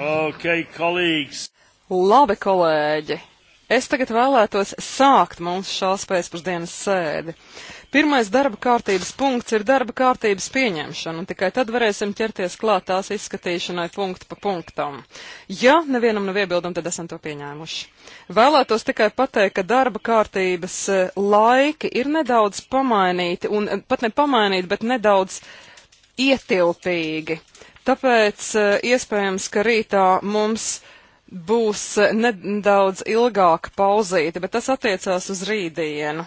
Okay, colleagues. Labi, kolēģi! Es tagad vēlētos sākt mūsu šās pēcpusdienas sēdi. Pirmais darba kārtības punkts ir darba kārtības pieņemšana, un tikai tad varēsim ķerties klāt tās izskatīšanai punktu pa punktam. Ja nevienam nav iebildumi, tad esam to pieņēmuši. Vēlētos tikai pateikt, ka darba kārtības eh, laiki ir nedaudz pamainīti, un eh, pat ne pamainīti, bet nedaudz uh, ietilpīgi. Tāpēc eh, iespējams, ka rītā mums būs eh, nedaudz ilgāka pauzīte, bet tas attiecās uz rītdienu,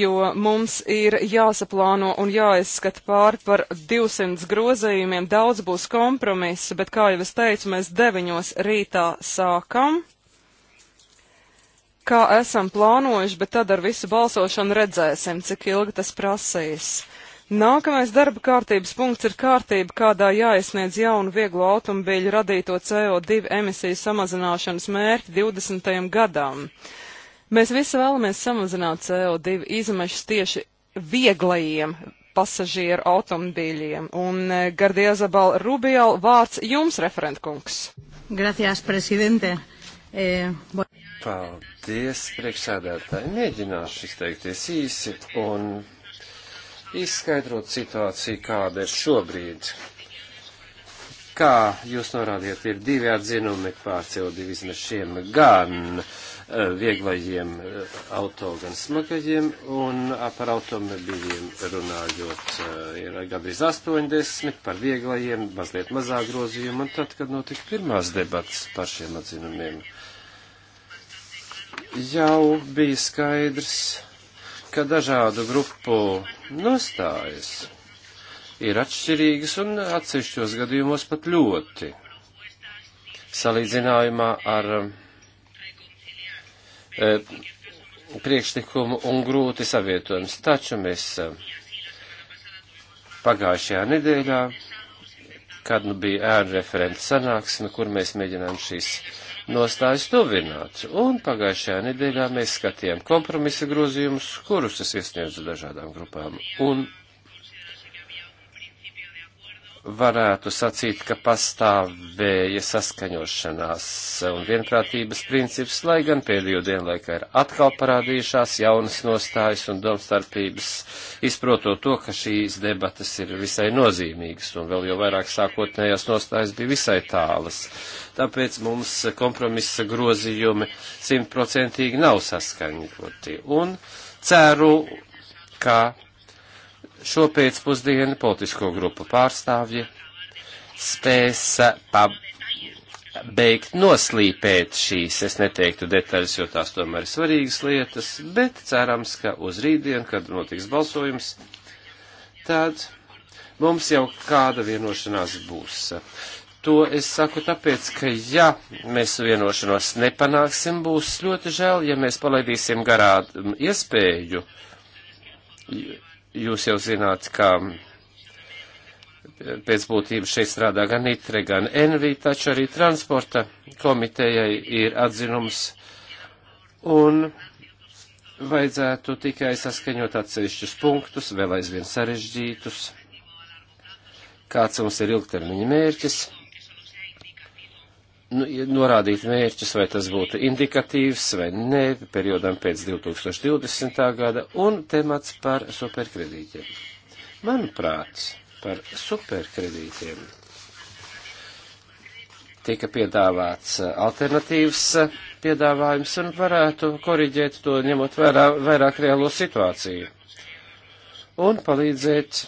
jo mums ir jāsaplāno un jāizskata pār par 200 grozījumiem, daudz būs kompromisu, bet kā jau es teicu, mēs deviņos rītā sākam, kā esam plānojuši, bet tad ar visu balsošanu redzēsim, cik ilgi tas prasīs. Nākamais darba kārtības punkts ir kārtība, kādā jāiesniedz jaunu vieglo automobīļu radīto CO2 emisiju samazināšanas mērķi 20. gadam. Mēs visi vēlamies samazināt CO2 izmešas tieši vieglajiem pasažieru automobīļiem. Un e, Gardija Zabala Rubiela vārds jums, referentkungs. Gracias, prezidente. E, eh, bo... Paldies, priekšsēdētāji. Mēģināšu izteikties īsi un izskaidrot situāciju, kāda ir šobrīd. Kā jūs norādījat, ir divi atzinumi pār CO2 izmešiem, gan eh, vieglajiem eh, auto, gan smagajiem, un ah, par automobīļiem runājot, eh, ir gandrīz 80, par vieglajiem mazliet mazāk grozījumu, un tad, kad notika pirmās debatas par šiem atzinumiem, jau bija skaidrs, ka dažādu grupu nostājas ir atšķirīgas un atsevišķos gadījumos pat ļoti. Salīdzinājumā ar e, priekšlikumu un grūti savietojums. Taču mēs e, pagājušajā nedēļā, kad nu bija ēnu referents sanāksme, kur mēs mēģinām šīs nostājas tuvināt. Un pagājušajā nedēļā mēs skatījām kompromisa grozījumus, kurus es iesniedzu dažādām grupām. Un varētu sacīt, ka pastāvēja saskaņošanās un vienprātības princips, lai gan pēdējo dienu laikā ir atkal parādījušās jaunas nostājas un domstarpības, izprotot to, ka šīs debatas ir visai nozīmīgas un vēl jau vairāk sākotnējās nostājas bija visai tālas. Tāpēc mums kompromisa grozījumi simtprocentīgi nav saskaņoti. Un ceru, ka šo pēcpusdienu politisko grupu pārstāvji spēs eh, pab beigt noslīpēt šīs, es neteiktu detaļas, jo tās tomēr ir svarīgas lietas, bet cerams, ka uz rītdienu, kad notiks balsojums, tad mums jau kāda vienošanās būs. To es saku tāpēc, ka ja mēs vienošanos nepanāksim, būs ļoti žēl, ja mēs palaidīsim garā mm, iespēju jūs jau zināt, ka pēc būtības šeit strādā gan ITRE, gan ENVI, taču arī transporta komitejai ir atzinums un vajadzētu tikai saskaņot atsevišķus punktus, vēl aizvien sarežģītus, kāds mums ir ilgtermiņa mērķis Nu, norādīt mērķus, vai tas būtu indikatīvs vai nē, periodam pēc 2020. gada, un temats par superkredītiem. Manuprāt, par superkredītiem tika piedāvāts uh, alternatīvs uh, piedāvājums un varētu koriģēt to ņemot vērā vairāk reālo situāciju un palīdzēt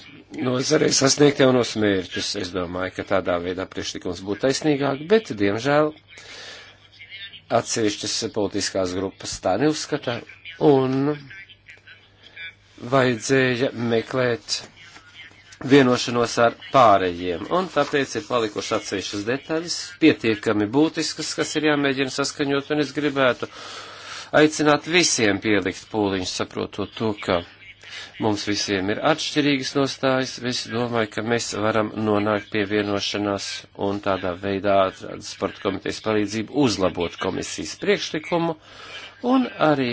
nozarei sasniegt jaunos mērķus. Es domāju, ka tādā veidā priekšlikums būtu taisnīgāk, bet, diemžēl, atsevišķas politiskās grupas tā neuzskata, un vajadzēja meklēt vienošanos ar pārējiem, un tāpēc ir palikuši atsevišķas detaļas, pietiekami būtiskas, kas ir jāmēģina saskaņot, un es gribētu aicināt visiem pielikt pūliņus, saprotot to, ka Mums visiem ir atšķirīgas nostājas, es domāju, ka mēs varam nonākt pie vienošanās un tādā veidā ar sporta komitejas palīdzību uzlabot komisijas priekšlikumu un arī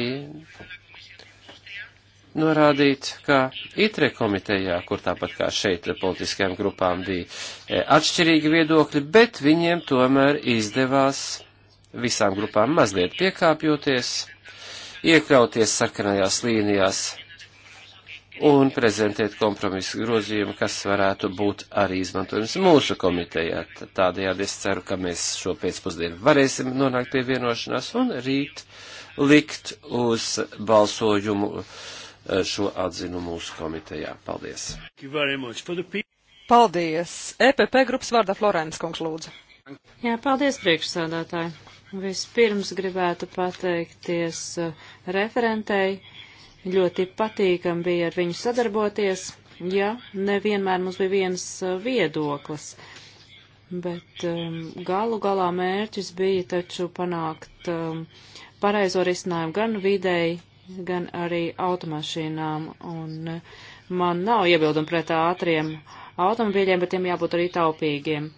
norādīt, ka ITRE komitejā, kur tāpat kā šeit politiskajām grupām bija e, atšķirīgi viedokļi, bet viņiem tomēr izdevās visām grupām mazliet piekāpjoties, iekļauties sarkanajās līnijās un prezentēt kompromisu grozījumu, kas varētu būt arī izmantojams mūsu komitejā. Tādējādi es ceru, ka mēs šo pēcpusdienu varēsim nonākt pie vienošanās un rīt likt uz balsojumu eh, šo atzinu mūsu komitejā. Paldies! Paldies! EPP grupas vārdā Florence Kungs lūdzu. Jā, paldies priekšsādātāji. Vispirms gribētu pateikties eh, referentei Ļoti patīkami bija ar viņu sadarboties, ja nevienmēr mums bija viens eh, viedoklis, bet um, galu galā mērķis bija taču panākt um, pareizo risinājumu gan videi, gan arī automašīnām. Un, eh, man nav iebildumi pret ātriem automobīļiem, bet tiem jābūt arī taupīgiem.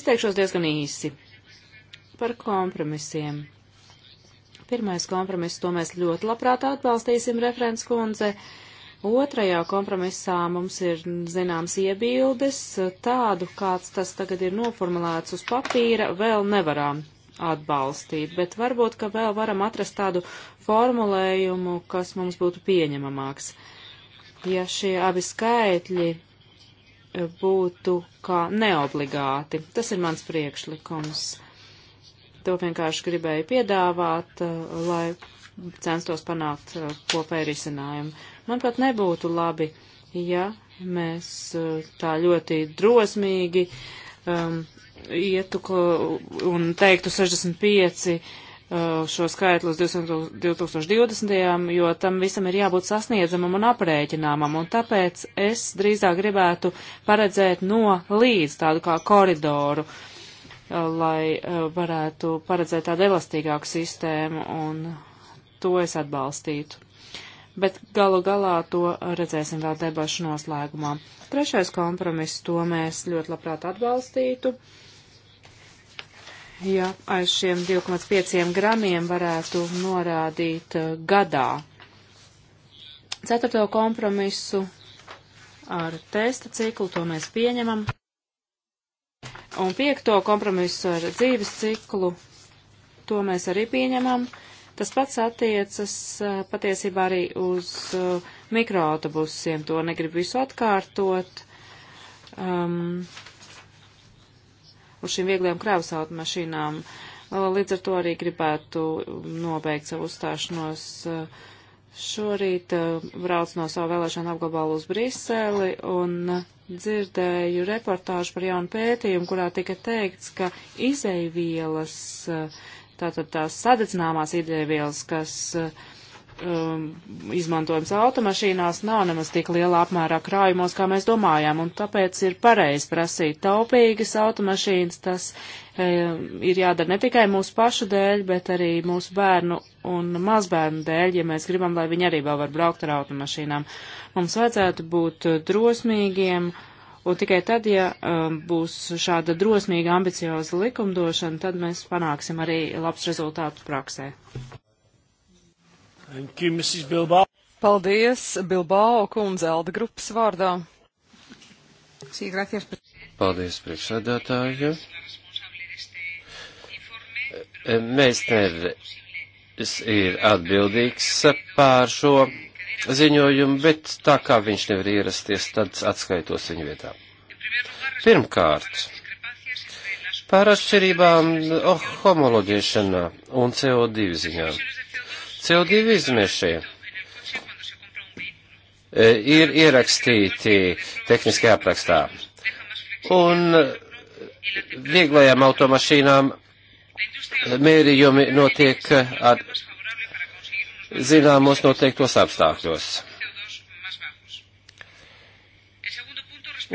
Izteikšos diezgan īsi par kompromisiem. Pirmais kompromiss, to mēs ļoti labprāt atbalstīsim, referents kundze. Otrajā kompromisā mums ir zināms iebildes, tādu, kāds tas tagad ir noformulēts uz papīra, vēl nevaram atbalstīt, bet varbūt, ka vēl varam atrast tādu formulējumu, kas mums būtu pieņemamāks. Ja šie abi skaitļi būtu kā neobligāti, tas ir mans priekšlikums. To vienkārši gribēju piedāvāt, eh, lai censtos panākt eh, kopēju risinājumu. Man pat nebūtu labi, ja mēs eh, tā ļoti drosmīgi um, ietu un teiktu 65 šo skaitli uz 2020, jo tam visam ir jābūt sasniedzamam un aprēķināmam, un tāpēc es drīzāk gribētu paredzēt no līdz tādu kā koridoru. Uh, Uh, lai uh, varētu paredzēt tādu elastīgāku sistēmu, un to es atbalstītu. Bet galu galā to redzēsim vēl debašu noslēgumā. Trešais kompromiss, to mēs ļoti labprāt atbalstītu. Ja aiz šiem 2,5 gramiem varētu norādīt uh, gadā. Ceturto kompromisu ar testa ciklu to mēs pieņemam. Un piekto kompromisu ar dzīves ciklu, to mēs arī pieņemam. Tas pats attiecas patiesībā arī uz mikroautobusiem. To negribu visu atkārtot. Um, uz šīm vieglajām krāvas automašīnām. Līdz ar to arī gribētu nobeigt savu uzstāšanos. Uh, Šorīt uh, brauc no savu vēlēšanu apgabalu uz Briseli un dzirdēju reportāžu par jaunu pētījumu, kurā tika teikts, ka izēvielas, eh, tātad tās sadedzināmās izēvielas, kas eh, um, izmantojams automašīnās, nav nemaz tik liela apmērā krājumos, kā mēs domājām, un tāpēc ir pareizi prasīt taupīgas automašīnas, tas ir jādara ne tikai mūsu pašu dēļ, bet arī mūsu bērnu un mazbērnu dēļ, ja mēs gribam, lai viņi arī vēl var braukt ar automašīnām. Mums vajadzētu būt drosmīgiem, un tikai tad, ja būs šāda drosmīga, ambicioza likumdošana, tad mēs panāksim arī labs rezultātu praksē. Thank you, Mrs. Bilbao. Paldies, Bilbao kundze, Alda grupas vārdā. Paldies, priekšsēdētāji. Meisneris ir atbildīgs pār šo ziņojumu, bet tā kā viņš nevar ierasties, tad atskaitos viņu vietā. Pirmkārt, par atšķirībām oh, homoloģēšanā un CO2 ziņā. CO2 izmešie ir ierakstīti tehniskajā aprakstā. Un vieglajām automašīnām mērījumi notiek ar zināmos noteiktos apstākļos.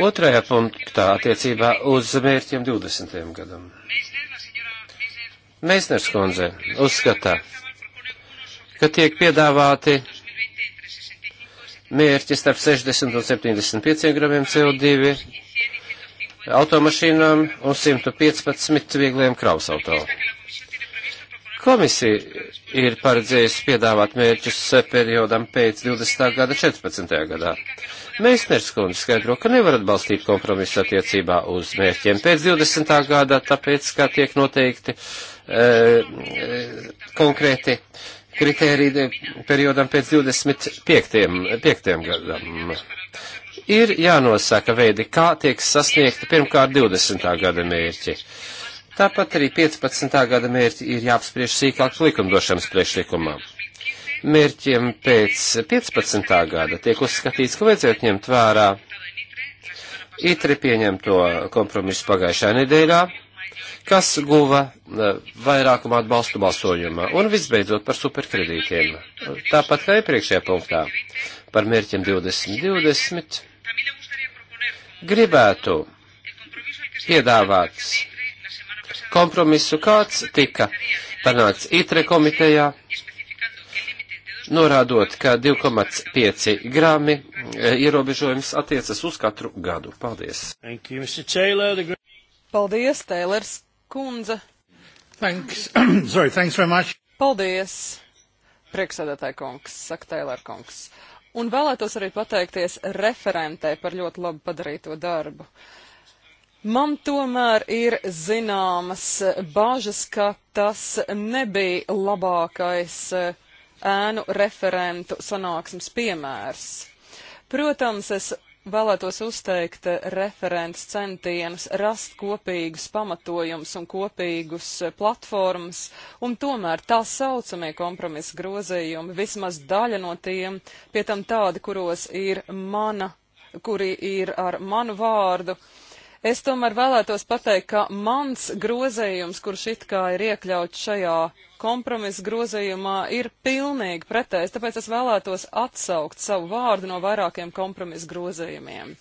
Otrajā punktā attiecībā uz mērķiem 20. gadam. Meisners kundze uzskata, ka tiek piedāvāti mērķi starp 60 un 75 gramiem CO2 automašīnām un 115 viegliem krausauto. Komisija ir paredzējusi piedāvāt mērķus periodam pēc 20. gada 14. gadā. Meisners kundze skaidro, ka nevar atbalstīt kompromisu attiecībā uz mērķiem pēc 20. gadā, tāpēc, kā tiek noteikti e, e konkrēti kritēriji periodam pēc 25. 5. gadam ir jānosaka veidi, kā tiek sasniegti pirmkārt 20. gada mērķi. Tāpat arī 15. gada mērķi ir jāapspriež sīkāk likumdošanas priekšlikumā. Mērķiem pēc 15. gada tiek uzskatīts, ka vajadzētu ņemt vērā itri pieņemto kompromisu pagājušā nedēļā, kas guva eh, vairākumu atbalstu balsojumā, un visbeidzot par superkredītiem. Tāpat kā iepriekšējā punktā par mērķiem 2020 gribētu piedāvāt kompromisu, kāds tika panāks ITRE komitejā, norādot, ka 2,5 grami eh, ierobežojums attiecas uz katru gadu. Paldies! You, Taylor, the... Paldies, Tēlers kundze! Thanks. Sorry, thanks very much. Paldies, prieksēdētāji kungs, saka Tēlēr kungs. Un vēlētos arī pateikties referentē par ļoti labi padarīto darbu. Uh, Man tomēr ir zināmas eh, bažas, ka tas nebija labākais eh, ēnu referentu sanāksmes piemērs. Protams, es vēlētos uzteikt eh, referents centienus rast kopīgus pamatojumus un kopīgus platformas, un tomēr tā saucamie kompromisa grozījumi, vismaz daļa no tiem, pie tam tādi, kuros ir mana, kuri ir ar manu vārdu, uh, Es tomēr vēlētos pateikt, ka mans grozējums, kurš it kā ir iekļauts šajā kompromisa grozījumā, ir pilnīgi pretējs, tāpēc es vēlētos atsaukt savu vārdu no vairākiem kompromisa grozījumiem.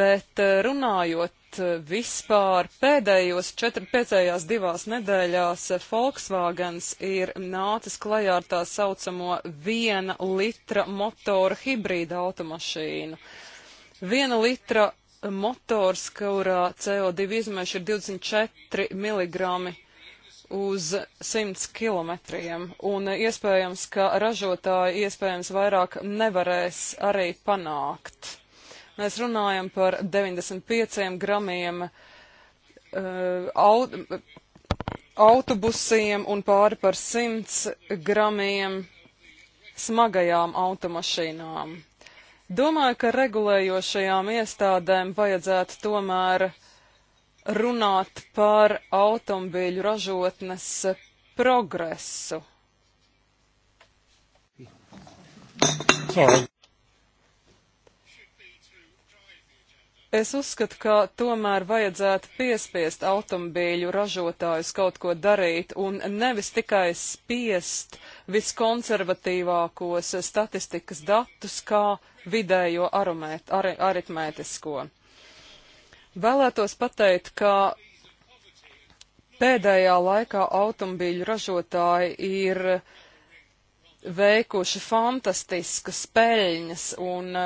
Bet eh, runājot eh, vispār pēdējos 4-5 divās nedēļās eh, Volkswagens ir nācis klajā ar tā saucamo viena litra motora hibrīda automašīnu. Viena litra motors, kurā CO2 izmeši ir 24 mg uz 100 km, un iespējams, ka ražotāji iespējams vairāk nevarēs arī panākt. Mēs runājam par 95 gramiem uh, eh, aut autobusiem un pāri par 100 gramiem smagajām automašīnām. Domāju, ka regulējošajām iestādēm vajadzētu tomēr runāt par automobīļu ražotnes progresu. Sorry. Es uzskatu, ka tomēr vajadzētu piespiest automobīļu ražotājus kaut ko darīt un nevis tikai spiest viskonservatīvākos statistikas datus kā vidējo aromēt, ar, aritmētisko. Vēlētos pateikt, ka pēdējā laikā automobīļu ražotāji ir veikuši fantastiskas peļņas, un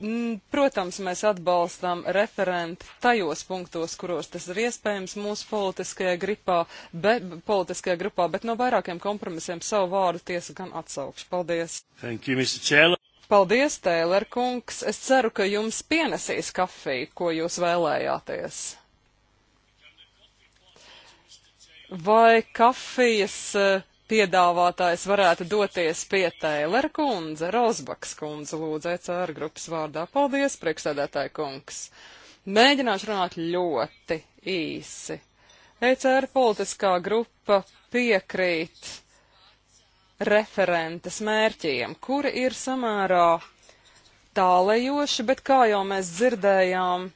Mm, protams, mēs atbalstam referentu tajos punktos, kuros tas ir iespējams mūsu politiskajā grupā, be, politiskajā grupā bet no vairākiem kompromisiem savu vārdu tiesa gan atsaukšu. Paldies! Thank you, Mr. Taylor. Paldies, Tēler kungs! Es ceru, ka jums pienesīs kafiju, ko jūs vēlējāties. Vai kafijas eh, piedāvātājs varētu doties pie Tēlera kundze, Rozbaks kundze, lūdzu, ECR grupas vārdā. Paldies, priekšsēdētāji kungs. Mēģināšu runāt ļoti īsi. ECR politiskā grupa piekrīt referentes mērķiem, kuri ir samērā tālējoši, bet kā jau mēs dzirdējām,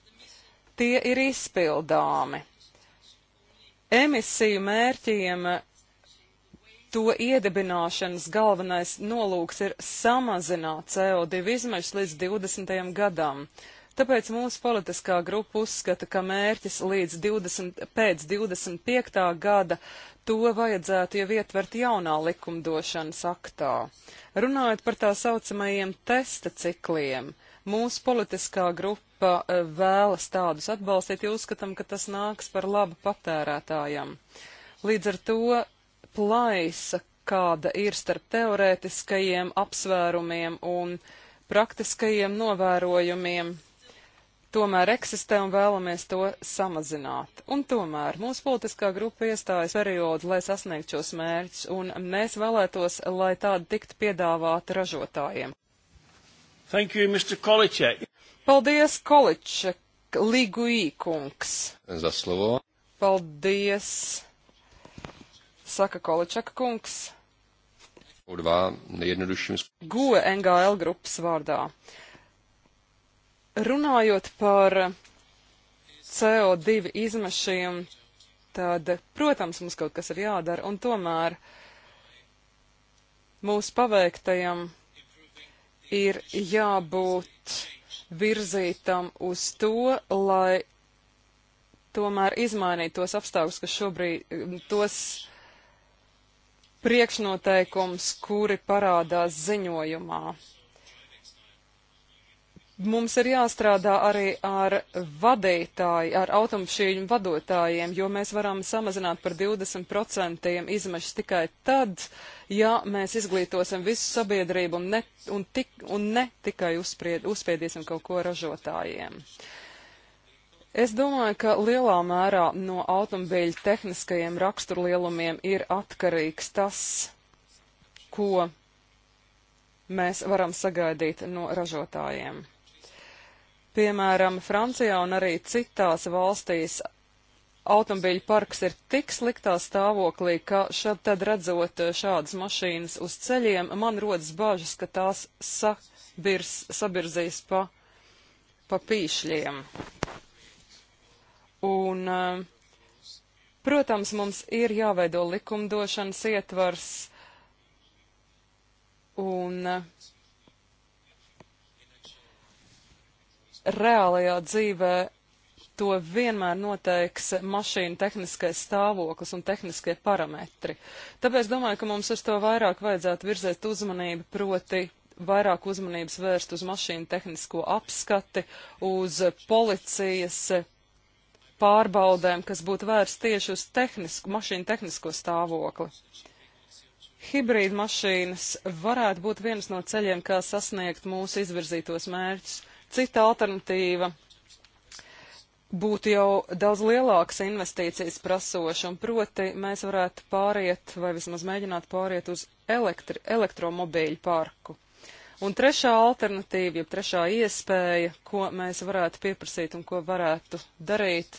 tie ir izpildāmi. Emisiju mērķiem to iedibināšanas galvenais nolūks ir samazināt CO2 izmešas līdz 20. gadam. Tāpēc mūsu politiskā grupa uzskata, ka mērķis līdz 20, pēc 25. gada to vajadzētu jau ietvert jaunā likumdošanas aktā. Runājot par tā saucamajiem testa cikliem, mūsu politiskā grupa e, vēlas tādus atbalstīt, jo uzskatām, ka tas nāks par labu patērētājam. Līdz ar to plaisa, kāda ir starp teorētiskajiem apsvērumiem un praktiskajiem novērojumiem, tomēr eksistē un vēlamies to samazināt. Un tomēr mūsu politiskā grupa iestājas periodu, lai sasniegtu šos mērķus, un mēs vēlētos, lai tāda tiktu piedāvāta ražotājiem. Thank you, Mr. Količek. Paldies, Količek, Liguī kungs. Zaslovo. Paldies saka Količaka kungs. Urvā, nejednodušījums. Goe NGL grupas vārdā. Runājot par CO2 izmešiem, tad, protams, mums kaut kas ir jādara, un tomēr mūsu paveiktajam ir jābūt virzītam uz to, lai tomēr izmainītu tos apstākļus, kas šobrīd, tos priekšnoteikums, kuri parādās ziņojumā. Mums ir jāstrādā arī ar vadītāju, ar automašīnu vadotājiem, jo mēs varam samazināt par 20% izmešas tikai tad, ja mēs izglītosim visu sabiedrību un ne, un tik, un ne tikai uzspried, uzspiedīsim kaut ko ražotājiem. Uh, Es domāju, ka lielā mērā no automobīļa tehniskajiem raksturlielumiem ir atkarīgs tas, ko mēs varam sagaidīt no ražotājiem. Piemēram, Francijā un arī citās valstīs automobīļu parks ir tik sliktā stāvoklī, ka šad tad redzot šādas mašīnas uz ceļiem, man rodas bažas, ka tās sabirs, sabirzīs pa, pa pīšļiem. Un, eh, protams, mums ir jāveido likumdošanas ietvars un eh, reālajā dzīvē to vienmēr noteiks mašīnu tehniskais stāvoklis un tehniskie parametri. Tāpēc domāju, ka mums uz to vairāk vajadzētu virzēt uzmanību, proti vairāk uzmanības vērst uz mašīnu tehnisko apskati, uz policijas pārbaudēm, kas būtu vērsts tieši uz tehnisku, mašīnu tehnisko stāvokli. Hibrīda mašīnas varētu būt viens no ceļiem, kā sasniegt mūsu izvirzītos mērķus. Cita alternatīva būtu jau daudz lielākas investīcijas prasoša, un proti mēs varētu pāriet, vai vismaz mēģināt pāriet uz elektri, elektromobīļu parku. Un trešā alternatīva, jeb trešā iespēja, ko mēs varētu pieprasīt un ko varētu darīt,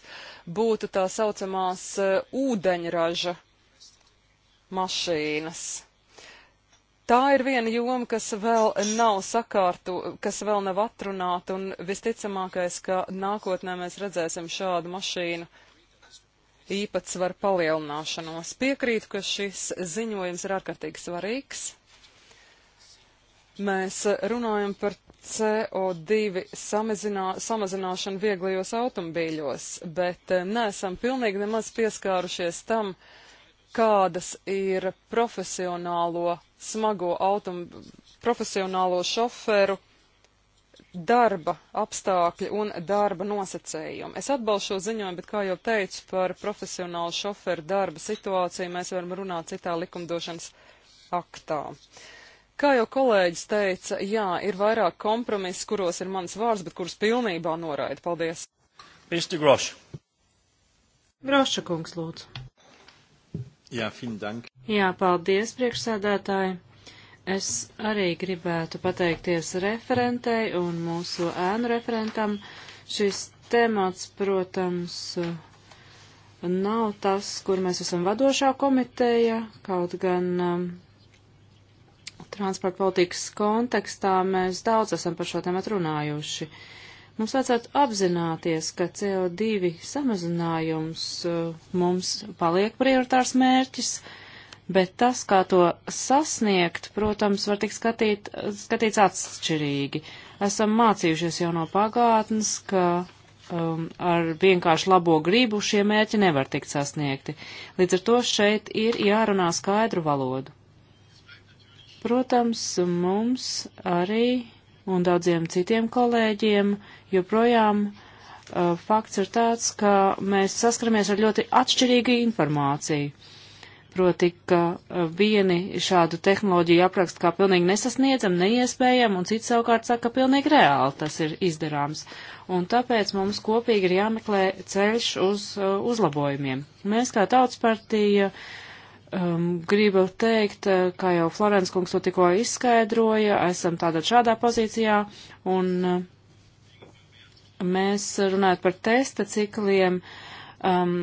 būtu tā saucamās eh, ūdeņraža mašīnas. Tā ir viena joma, kas vēl nav sakārtu, kas vēl nav atrunāta, un visticamākais, ka nākotnē mēs redzēsim šādu mašīnu īpatsvaru palielināšanos. Piekrītu, ka šis ziņojums ir ārkārtīgi svarīgs. Mēs runājam par CO2 samazinā, samazināšanu vieglajos automobīļos, bet eh, neesam pilnīgi nemaz pieskārušies tam, kādas ir profesionālo smago autom, profesionālo šoferu darba apstākļi un darba nosacējumi. Es atbalstu šo ziņojumu, bet, kā jau teicu, par profesionālu šoferu darba situāciju mēs varam runāt citā likumdošanas aktā. Uh, Kā jau kolēģis teica, jā, ir vairāk kompromisu, kuros ir mans vārds, bet kurus pilnībā noraida. Paldies. Pisti Groša. Groša kungs, lūdzu. Jā, fin dank. Jā, paldies, priekšsēdētāji. Es arī gribētu pateikties referentei un mūsu ēnu referentam. Šis temats, protams, nav tas, kur mēs esam vadošā komiteja, kaut gan um, transporta politikas kontekstā mēs daudz esam par šo tēmatu runājuši. Mums vajadzētu apzināties, ka CO2 samazinājums uh, mums paliek prioritārs mērķis, bet tas, kā to sasniegt, protams, var tikt skatīt, skatīts atšķirīgi. Esam mācījušies jau no pagātnes, ka um, ar vienkārši labo gribu šie mērķi nevar tikt sasniegti. Līdz ar to šeit ir jārunā skaidru valodu. Protams, mums arī un daudziem citiem kolēģiem joprojām uh, fakts ir tāds, ka mēs saskaramies ar ļoti atšķirīgu informāciju. Proti, ka uh, vieni šādu tehnoloģiju apraksta kā pilnīgi nesasniedzam, neiespējam, un cits savukārt saka, ka pilnīgi reāli tas ir izdarāms. Un tāpēc mums kopīgi ir jāmeklē ceļš uz uh, uzlabojumiem. Mēs kā tautas partija uh, Um, gribu teikt, eh, kā jau Florence kungs to tikko izskaidroja, esam tādā šādā pozīcijā, un uh, mēs runājot par testa cikliem, um,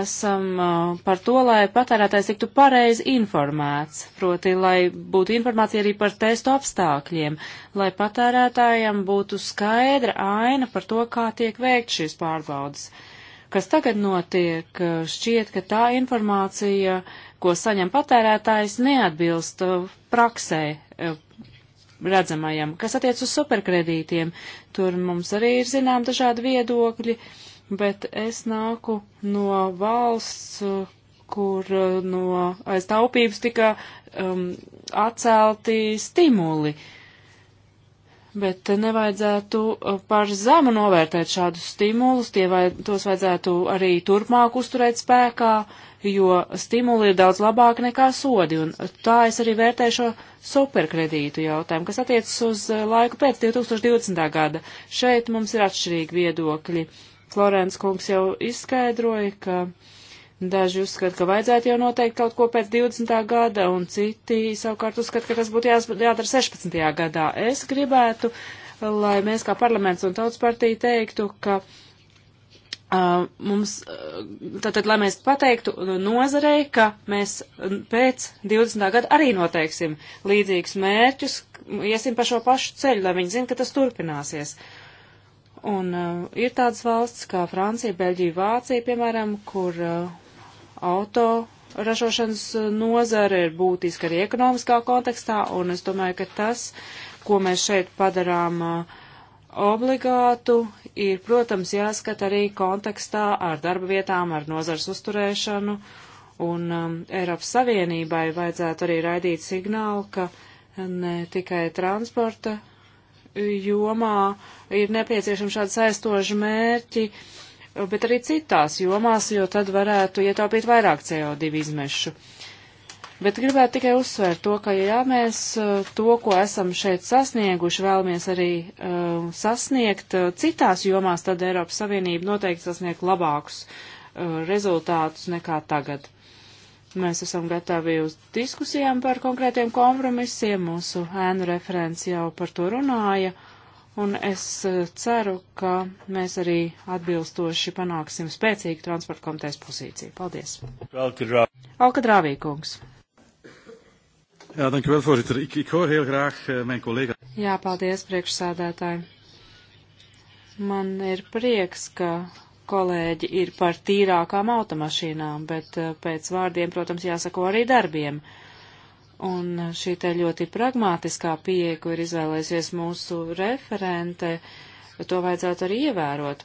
esam uh, par to, lai patērētājs tiktu pareizi informēts, proti, lai būtu informācija arī par testu apstākļiem, lai patērētājiem būtu skaidra aina par to, kā tiek veikt šīs pārbaudas. Uh, kas tagad notiek, šķiet, ka tā informācija, ko saņem patērētājs, neatbilst uh, praksē uh, redzamajam. Kas attiec uz superkredītiem, tur mums arī ir zinām dažādi viedokļi, bet es nāku no valsts, uh, kur no aiz taupības tika um, atcelti stimuli. Uh, Bet nevajadzētu uh, par zemu novērtēt šādus stimulus, tie vai, tos vajadzētu arī turpmāk uzturēt spēkā, jo stimuli ir daudz labāki nekā sodi. Un tā es arī vērtēju šo superkredītu jautājumu, kas attiecas uz uh, laiku pēc 2020. gada. Šeit mums ir atšķirīgi viedokļi. Florence kungs jau izskaidroja, ka Daži uzskata, ka vajadzētu jau noteikt kaut ko pēc 20. gada, un citi savukārt uzskata, ka tas būtu jās, jādara 16. gadā. Es gribētu, lai mēs kā parlaments un tautas partija teiktu, ka uh, mums, tātad, lai mēs pateiktu nozarei, ka mēs pēc 20. gada arī noteiksim līdzīgus mērķus, iesim pa šo pašu ceļu, lai viņi zina, ka tas turpināsies. Un uh, ir tādas valsts kā Francija, Beļģija, Vācija, piemēram, kur uh, auto ražošanas nozare ir būtiska arī ekonomiskā kontekstā, un es domāju, ka tas, ko mēs šeit padarām uh, obligātu, ir, protams, jāskat arī kontekstā ar darba vietām, ar nozars uzturēšanu, un um, Eiropas Savienībai vajadzētu arī raidīt signālu, ka ne tikai transporta jomā ir nepieciešami šādi saistoži mērķi, uh, bet arī citās jomās, jo tad varētu ietaupīt vairāk CO2 izmešu. Bet gribētu tikai uzsvērt to, ka ja mēs eh, to, ko esam šeit sasnieguši, vēlamies arī uh, sasniegt eh, citās jomās, tad Eiropas Savienība noteikti sasniegt labākus uh, rezultātus nekā tagad. Mēs esam gatavi uz diskusijām par konkrētiem kompromisiem, mūsu ēnu referents jau par to runāja. Uh, un es eh, ceru, ka mēs arī atbilstoši panāksim spēcīgu transporta komitejas pozīciju. Paldies! Alka Drāvīkungs! Jā, dank u wel, voorzitter. Ik, ik hoor heel graag uh, mijn collega. Jā, paldies, priekšsādātāji. Man ir prieks, ka kolēģi ir par tīrākām automašīnām, bet eh, pēc vārdiem, protams, jāsako arī darbiem. Uh, Un šī te ļoti pragmātiskā pieeja, ko ir izvēlēsies mūsu referente, to vajadzētu arī ievērot.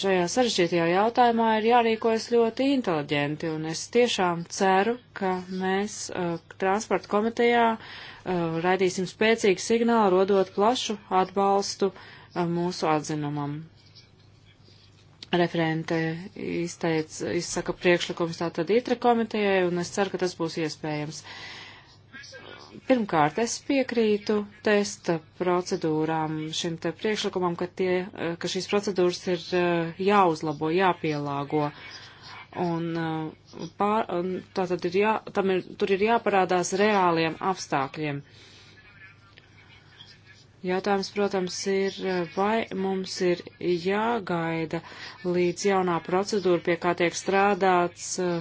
Šajā sarežģītajā jautājumā ir jārīkojas ļoti inteliģenti, un es tiešām ceru, ka mēs uh, transporta komitejā uh, raidīsim spēcīgu signālu, rodot plašu atbalstu uh, mūsu atzinumam referente izteic, izsaka priekšlikums tātad itra komitejai, un es ceru, ka tas būs iespējams. Pirmkārt, es piekrītu testa procedūrām šim te priekšlikumam, ka, tie, ka šīs procedūras ir eh, jāuzlabo, jāpielāgo. Un, eh, pār, un tātad ir jā, tam ir, tur ir jāparādās reāliem apstākļiem. Uh, Jautājums, protams, ir, eh, vai mums ir jāgaida līdz jaunā procedūra, pie kā tiek strādāts, eh,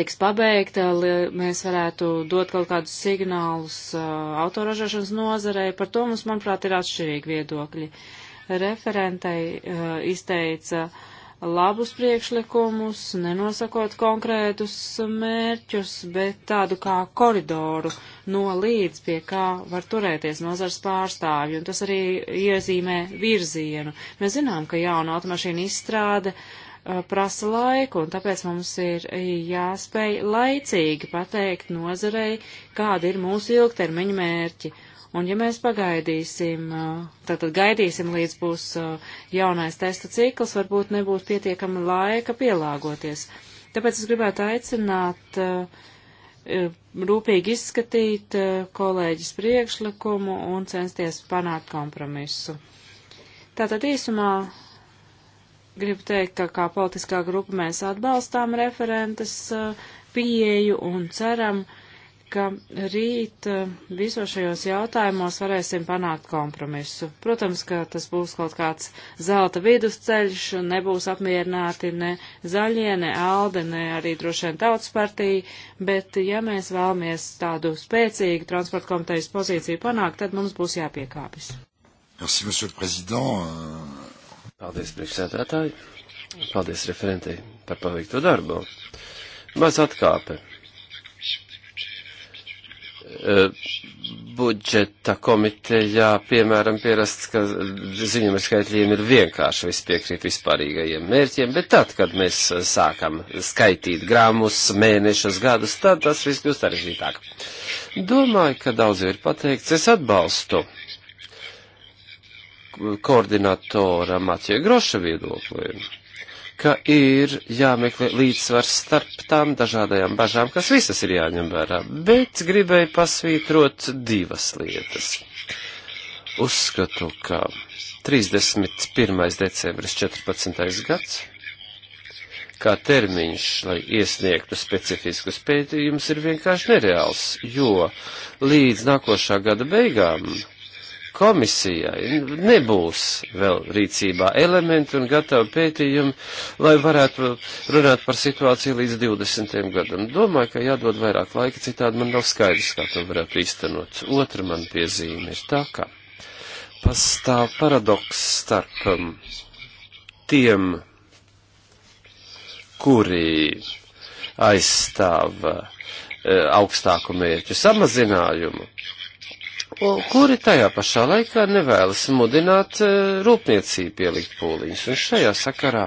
tiks pabeigta, lai mēs varētu dot kaut kādus signālus eh, autoražošanas nozarei. Par to mums, manuprāt, ir atšķirīgi viedokļi. Referentai izteica uh, labus priekšlikumus, nenosakot konkrētus mērķus, bet tādu kā koridoru no līdz, pie kā var turēties nozars pārstāvju, un tas arī iezīmē virzienu. Mēs zinām, ka jauna automašīna izstrāde uh, prasa laiku, un tāpēc mums ir jāspēj laicīgi pateikt nozarei, kādi ir mūsu ilgtermiņa mērķi Un ja mēs pagaidīsim, tātad gaidīsim, līdz būs jaunais testa cikls, varbūt nebūs pietiekama laika pielāgoties. Tāpēc es gribētu aicināt rūpīgi izskatīt kolēģis priekšlikumu un censties panākt kompromisu. Tātad īsumā gribu teikt, ka kā politiskā grupa mēs atbalstām referentes pieeju un ceram, ka ka rīt eh, visos šajos jautājumos varēsim panākt kompromisu. Protams, ka tas būs kaut kāds zelta vidusceļš, nebūs apmierināti ne zaļie, ne alde, ne arī droši vien tautas partija, bet ja mēs vēlamies tādu spēcīgu transporta komitejas pozīciju panākt, tad mums būs jāpiekāpjas. Merci, monsieur le président. Euh, Paldies, priekšsēdētāji. Paldies referentei par paveikto darbu. Maz atkāpe Eh, budžeta komitejā, piemēram, pierasts, ka ziņojuma skaitļiem ir vienkārši vispiekrīt vispārīgajiem mērķiem, bet tad, kad mēs sākam skaitīt gramus, mēnešus, gadus, tad tas viss kļūst sarežģītāk. Domāju, ka daudz ir pateikts, es atbalstu koordinatora Matija Groša viedokli ka ir jāmeklē līdzsvars starp tām dažādajām bažām, kas visas ir jāņem vērā, bet gribēju pasvītrot divas lietas. Uzskatu, ka 31. decembris 14. gads kā termiņš, lai iesniegtu specifiskus pētījumus, ir vienkārši nereāls, jo līdz nākošā gada beigām komisijai nebūs vēl rīcībā elementi un gatavi pētījumi, lai varētu runāt par situāciju līdz 20. gadam. Domāju, ka jādod vairāk laika, citādi man nav skaidrs, kā to varētu īstenot. Otra man piezīme ir tā, ka pastāv paradoks starp tiem, kuri aizstāv eh, augstāku mērķu samazinājumu kuri tajā pašā laikā nevēlas mudināt e, rūpniecību pielikt pūliņus. Un šajā sakarā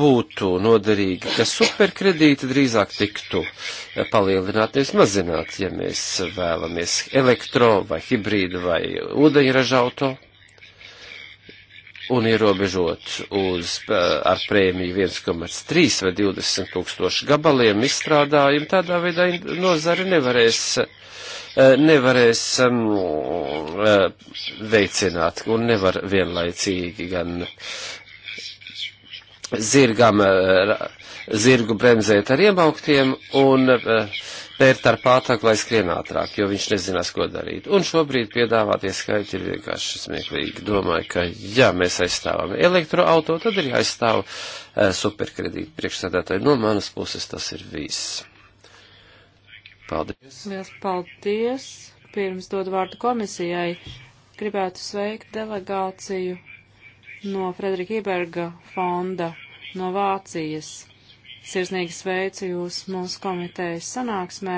būtu noderīgi, ka superkredīti drīzāk tiktu e, palielināti, nevis mazināt, ja mēs vēlamies elektro vai hibrīdu vai ūdeņraža auto un ierobežot uz, ar prēmiju 1,3 vai 20 tūkstošu gabaliem izstrādājumu, tādā veidā nozari nevarēs, eh, nevarēs mm, eh, veicināt un nevar vienlaicīgi gan zirgam, eh, zirgu bremzēt ar iemauktiem un spērt ar pātaku, lai skrien ātrāk, jo viņš nezinās, ko darīt. Un šobrīd piedāvātie skaitļi ir vienkārši smieklīgi. Domāju, ka ja mēs aizstāvam elektroauto, tad ir jāaizstāv e, eh, superkredīti priekšsēdētāji. No manas puses tas ir viss. Paldies. Liels paldies. Pirms dod vārdu komisijai, gribētu sveikt delegāciju no Frederika Iberga fonda no Vācijas Sirsnīgi sveicu jūs mūsu komitejas sanāksmē.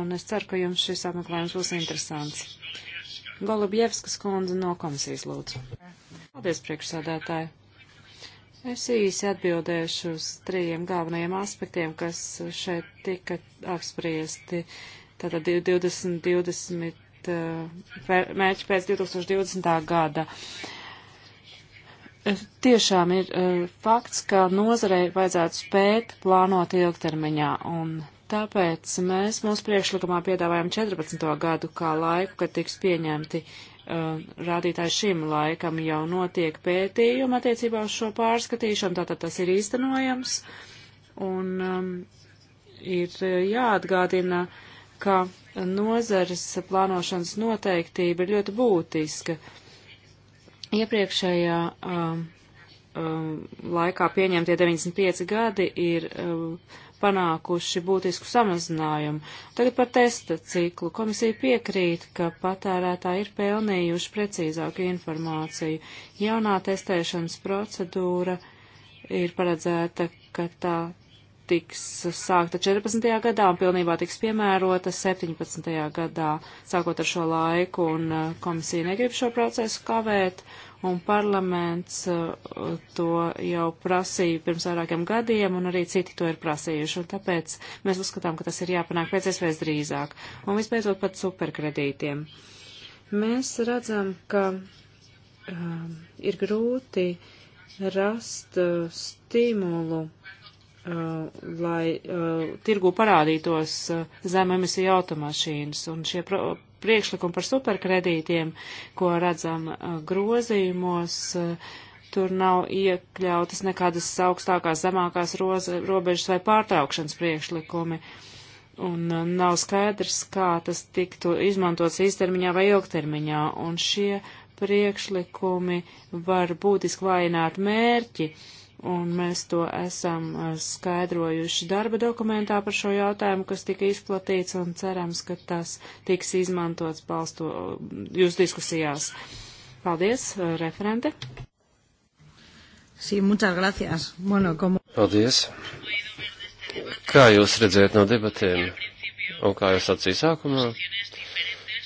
Un es ceru, ka jums šis apmeklējums būs interesants. Golubjevskas kundze no komisijas lūdzu. Paldies, priekšsādātāji. Es īsi atbildēšu uz trījiem galvenajiem aspektiem, kas šeit tika apspriesti. Tātad 2020 eh, mērķi pēc 2020. gada. Uh, tiešām ir e, fakts, ka nozarei vajadzētu spēt plānot ilgtermiņā, un tāpēc mēs mūsu priekšlikumā piedāvājam 14. gadu kā laiku, kad tiks pieņemti uh, rādītāji šim laikam jau notiek pētījumi attiecībā uz šo pārskatīšanu, tātad tas ir īstenojams, un um, ir e, jāatgādina, ka nozares plānošanas noteiktība ir ļoti būtiska. Uh, Iepriekšējā um, um, laikā pieņemtie 95 gadi ir um, panākuši būtisku samazinājumu. Tagad par testa ciklu. Komisija piekrīt, ka patērētāji ir pelnījuši precīzāku informāciju. Jaunā testēšanas procedūra ir paredzēta, ka tā tiks sākta 14. gadā un pilnībā tiks piemērota 17. gadā, sākot ar šo laiku, un uh, komisija negrib šo procesu kavēt, un parlaments uh, to jau prasīja pirms vairākiem gadiem, un arī citi to ir prasījuši, un tāpēc mēs uzskatām, ka tas ir jāpanāk pēc iespējas drīzāk. Un visbeidzot pat superkredītiem. Mēs redzam, ka um, ir grūti rast uh, stimulu Uh, lai uh, tirgu parādītos uh, zem emisiju automašīnas. Un šie priekšlikumi par superkredītiem, ko redzam uh, grozījumos, uh, tur nav iekļautas nekādas augstākās, zemākās roze, robežas vai pārtraukšanas priekšlikumi. Un uh, nav skaidrs, kā tas tiktu izmantots īstermiņā vai ilgtermiņā. Un šie priekšlikumi var būtiski vājināt mērķi. Uh, un mēs to esam uh, skaidrojuši darba dokumentā par šo jautājumu, kas tika izplatīts, un cerams, ka tas tiks izmantots balsto uh, jūsu diskusijās. Paldies, uh, referente. Sí, muchas gracias. Bueno, como... Paldies. Kā jūs redzējat no debatēm un kā jūs atsīja sākumā,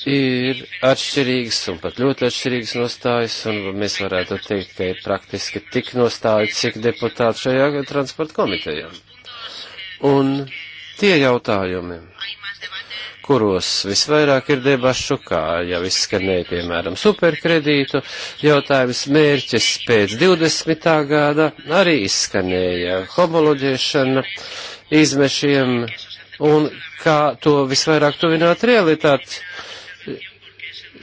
ir atšķirīgas un pat ļoti atšķirīgas nostājas, un mēs varētu teikt, ka ir praktiski tik nostāju, cik deputāti šajā transporta komitejā. Un tie jautājumi, kuros visvairāk ir debašu, kā jau izskanēja, piemēram, superkredītu jautājums, mērķis pēc 20. gada, arī izskanēja homoloģēšana izmešiem un kā to visvairāk tuvināt realitāti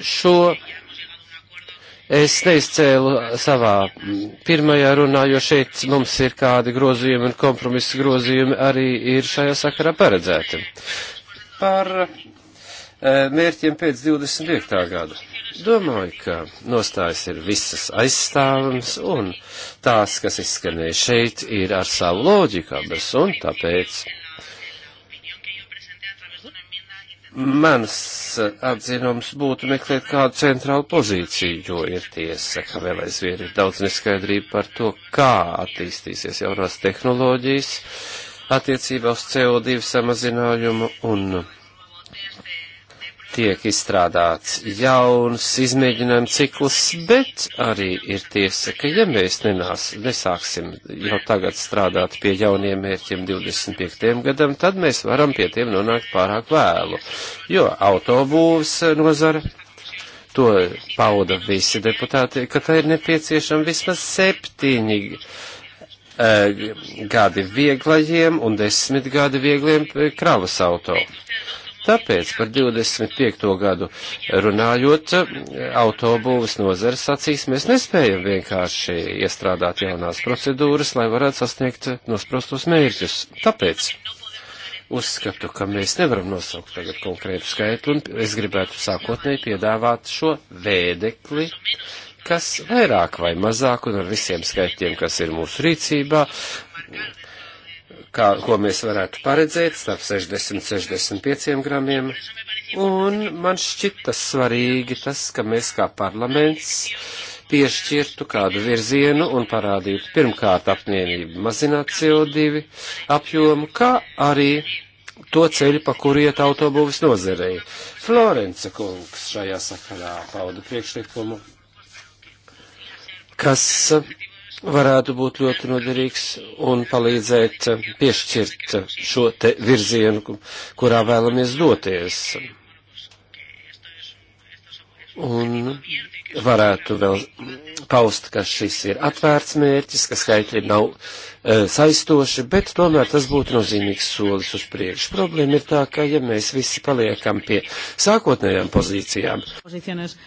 šo es neizcēlu savā pirmajā runā, jo šeit mums ir kādi grozījumi un kompromisa grozījumi arī ir šajā sakarā paredzēti. Par eh, mērķiem pēc 25. gada. Domāju, ka nostājas ir visas aizstāvams un tās, kas izskanēja šeit, ir ar savu loģiku abas un tāpēc mans eh, atzinums būtu meklēt kādu centrālu pozīciju, jo ir tiesa, ka vēl aizvien ir daudz neskaidrību par to, kā attīstīsies jaunās tehnoloģijas attiecībā uz CO2 samazinājumu un tiek izstrādāts jauns izmēģinājums cikls, bet arī ir tiesa, ka ja mēs nenās, nesāksim jau tagad strādāt pie jauniem mērķiem 25. gadam, tad mēs varam pie tiem nonākt pārāk vēlu, jo autobūvs nozara. To pauda visi deputāti, ka tā ir nepieciešama vismaz septiņi eh, gadi vieglajiem un desmit gadi viegliem kravas auto. Tāpēc par 25. gadu runājot, autobūvas nozars sacīs, mēs nespējam vienkārši iestrādāt jaunās procedūras, lai varētu sasniegt nosprostos mērķus. Tāpēc uzskatu, ka mēs nevaram nosaukt tagad konkrētu skaitu, un es gribētu sākotnēji piedāvāt šo vēdekli, kas vairāk vai mazāk un ar visiem skaitiem, kas ir mūsu rīcībā, kā, ko mēs varētu paredzēt, starp 60 un 65 gramiem. Un man šķita svarīgi tas, ka mēs kā parlaments piešķirtu kādu virzienu un parādītu pirmkārt apņēmību mazināt CO2 apjomu, kā arī to ceļu, pa kuru iet autobūvis nozerei. Florence kungs šajā sakarā pauda priekšlikumu, kas varētu būt ļoti noderīgs un palīdzēt piešķirt šo te virzienu, kurā vēlamies doties. Un varētu vēl paust, ka šis ir atvērts mērķis, ka skaitļi nav e, saistoši, bet tomēr tas būtu nozīmīgs solis uz priekšu. Problēma ir tā, ka ja mēs visi paliekam pie sākotnējām pozīcijām. Poziciones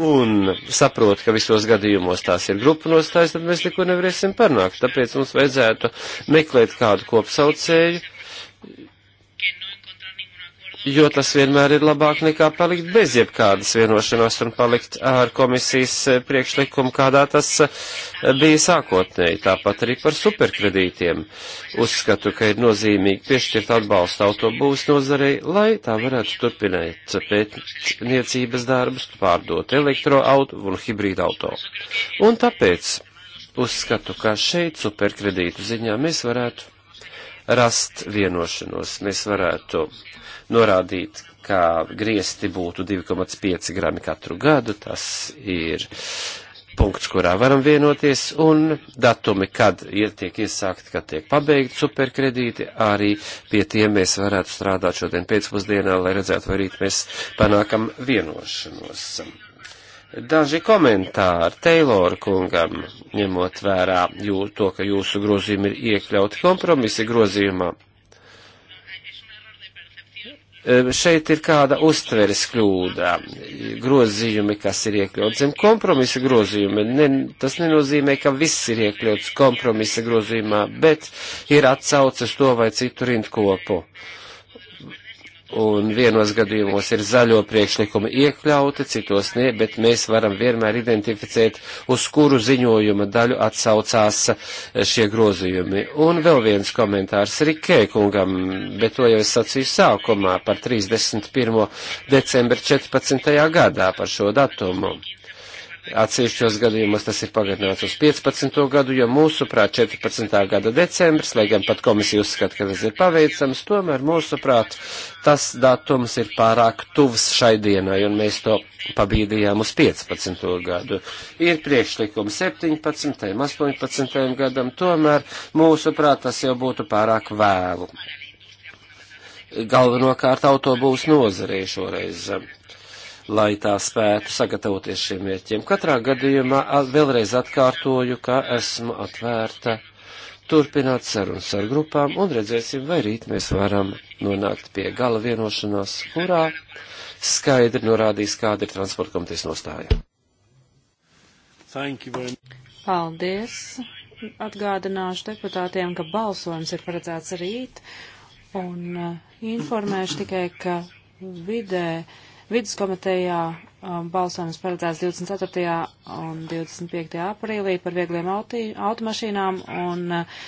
un saprot, ka visos gadījumos tās ir grupu nostājas, tad mēs neko nevarēsim panākt. Tāpēc mums vajadzētu meklēt kādu kopsaucēju jo tas vienmēr ir labāk nekā palikt bez jebkādas vienošanās un palikt ar komisijas priekšlikumu, kādā tas bija sākotnēji. Tāpat arī par superkredītiem. Uzskatu, ka ir nozīmīgi piešķirt atbalstu autobūs nozarei, lai tā varētu turpināt pētniecības darbus, pārdot elektroautu un hibrīdauto. Un tāpēc uzskatu, ka šeit superkredītu ziņā mēs varētu rast vienošanos. Mēs varētu uh, norādīt, kā griesti būtu 2,5 grami katru gadu. Tas ir punkts, kurā varam vienoties, un datumi, kad tiek iesākti, kad tiek pabeigti superkredīti, arī pie tiem mēs varētu strādāt šodien pēcpusdienā, lai redzētu, vai rīt mēs panākam vienošanos. Daži komentāri Teilora kungam, ņemot vērā jū, to, ka jūsu grozījumi ir iekļauti kompromisi grozījumā Ehm, šeit ir kāda uztveres kļūda. Grozījumi, kas ir iekļauts zem kompromisa grozījuma, ne, tas nenozīmē, ka viss ir iekļauts kompromisa grozījumā, bet ir atsaucas to vai citu rindkopu. Uh, un vienos gadījumos ir zaļo priekšlikumu iekļauti, citos ne, bet mēs varam vienmēr identificēt, uz kuru ziņojuma daļu atsaucās eh, šie grozījumi. Un vēl viens komentārs Rikē kungam, bet to jau es sacīju sākumā par 31. decembri 14. gadā par šo datumu. Atsevišķos gadījumos tas ir pagarināts uz 15. gadu, jo mūsuprāt 14. gada decembris, lai gan pat komisija uzskata, ka tas ir paveicams, tomēr mūsuprāt tas datums ir pārāk tuvs šai dienai, un mēs to pabīdījām uz 15. gadu. Ir priekšlikumi 17. un 18. gadam, tomēr mūsuprāt tas jau būtu pārāk vēlu. Galvenokārt autobūs nozarē šoreiz lai tā spētu sagatavoties šiem mērķiem. Katrā gadījumā vēlreiz atkārtoju, ka esmu atvērta turpināt sarunas ar grupām un redzēsim, vai rīt mēs varam nonākt pie gala vienošanās, kurā skaidri norādīs, kāda ir transporta komitejas nostāja. Paldies! Atgādināšu deputātiem, ka balsojums ir paredzēts rīt un informēšu tikai, ka vidē Viduskomitejā um, balsojums paredzēts 24. un 25. aprīlī par viegliem auti, automašīnām un uh,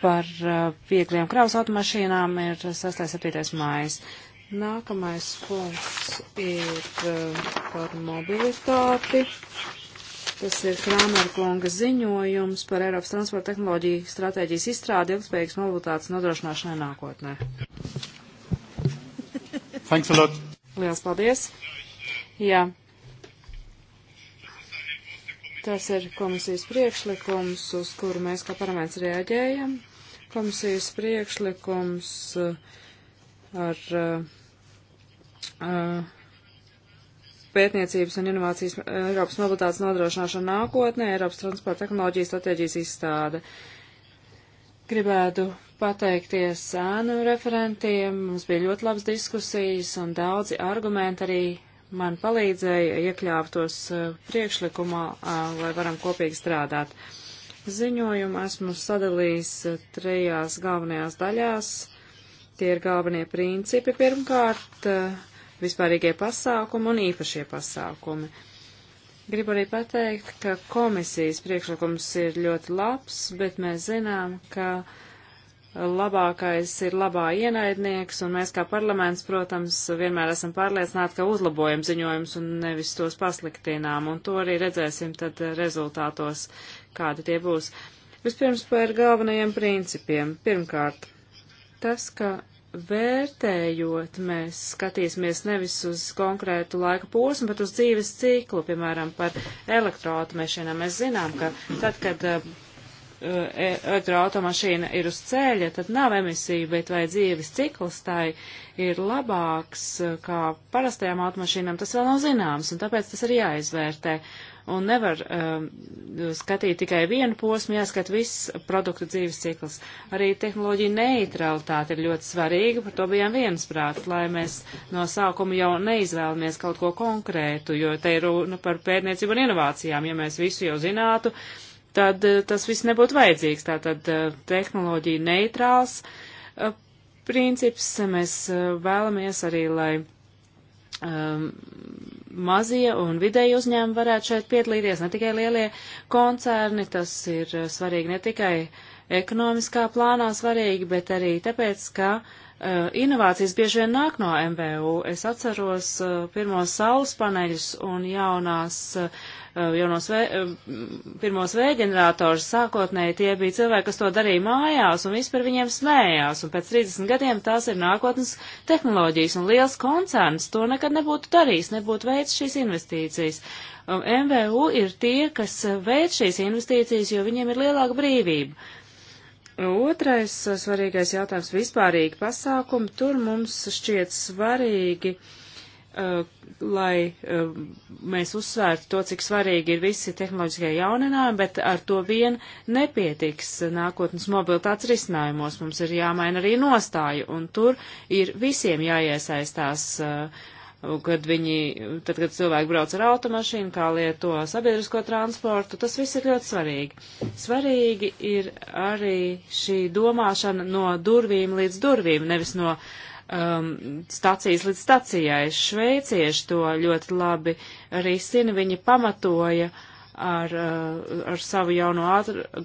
par uh, viegliem kravas automašīnām ir 6. 7. mājas. Nākamais punkts ir uh, par mobilitāti. Tas ir Krāmerkunga ziņojums par Eiropas transporta tehnoloģiju stratēģijas izstrādi ilgspējīgas mobilitātes nodrošināšanai nākotnē. Thanks a lot. Liels paldies! Jā. Tas ir komisijas priekšlikums, uz kuru mēs kā parlaments reaģējam. Komisijas priekšlikums uh, ar uh, uh, pētniecības un inovācijas Eiropas mobilitātes nodrošināšana nākotnē, Eiropas transporta tehnoloģijas stratēģijas izstāde. Gribētu pateikties ēnu referentiem. Mums bija ļoti labas diskusijas un daudzi argumenti arī man palīdzēja iekļāvtos tos eh, priekšlikumā, eh, lai varam kopīgi strādāt. Ziņojumu esmu sadalījis eh, trijās galvenajās daļās. Tie ir galvenie principi pirmkārt, vispārīgie pasākumi un īpašie pasākumi. Gribu arī pateikt, ka komisijas priekšlikums ir ļoti labs, bet mēs zinām, ka uh, labākais ir labā ienaidnieks, un mēs kā parlaments, protams, vienmēr esam pārliecināti, ka uzlabojam ziņojums un nevis tos pasliktinām, un to arī redzēsim tad rezultātos, kādi tie būs. Vispirms par galvenajiem principiem. Pirmkārt, tas, ka vērtējot, mēs skatīsimies nevis uz konkrētu laika posmu, bet uz dzīves ciklu, piemēram, par elektroautomašīnām. Mēs zinām, ka tad, kad elektroautomašīna ir uz ceļa, tad nav emisiju, bet vai dzīves cikls tai ir labāks e, kā parastajām automašīnām, tas vēl nav zināms, un tāpēc tas ir jāizvērtē. Un nevar um, skatīt tikai vienu posmu, jāskat viss produktu dzīves cikls. Arī tehnoloģija neutralitāte ir ļoti svarīga, par to bijām viensprāts, lai mēs no sākuma jau neizvēlamies kaut ko konkrētu, jo te ir runa par pētniecību un inovācijām. Ja mēs visu jau zinātu, uh, tad eh, tas viss nebūtu vajadzīgs. Tātad eh, tehnoloģija neitrāls eh, princips. Mēs vēlamies arī, lai um, mazie un vidēji uzņēmumi varētu šeit piedalīties, ne tikai lielie koncerni. Tas ir svarīgi ne tikai ekonomiskā plānā svarīgi, bet arī tāpēc, ka uh, inovācijas bieži vien nāk no MVU. Es atceros uh, pirmos saules paneļus un jaunās uh, Eh, jau no svē, eh, pirmos vējģenerators sākotnēji tie bija cilvēki, kas to darīja mājās un vispār viņiem smējās, un pēc 30 gadiem tās ir nākotnes tehnoloģijas, un liels koncerns to nekad nebūtu darījis, nebūtu veids šīs investīcijas. Eh, MVU ir tie, kas veids šīs investīcijas, jo viņiem ir lielāka brīvība. Otrais svarīgais jautājums - vispārīgi pasākumi. Tur mums šķiet svarīgi uh, Uh, lai uh, mēs uzsvērtu to, cik svarīgi ir visi tehnoloģiskie jauninājumi, bet ar to vien nepietiks nākotnes mobilitātes risinājumos. Mums ir jāmaina arī nostāju, un tur ir visiem jāiesaistās, uh, kad viņi, tad, kad cilvēki brauc ar automašīnu, kā lieto sabiedrisko transportu, tas viss ir ļoti svarīgi. Svarīgi ir arī šī domāšana no durvīm līdz durvīm, nevis no uh, um, stacijas līdz stacijai. Šveicieši to ļoti labi risina, viņi pamatoja ar, uh, ar savu jauno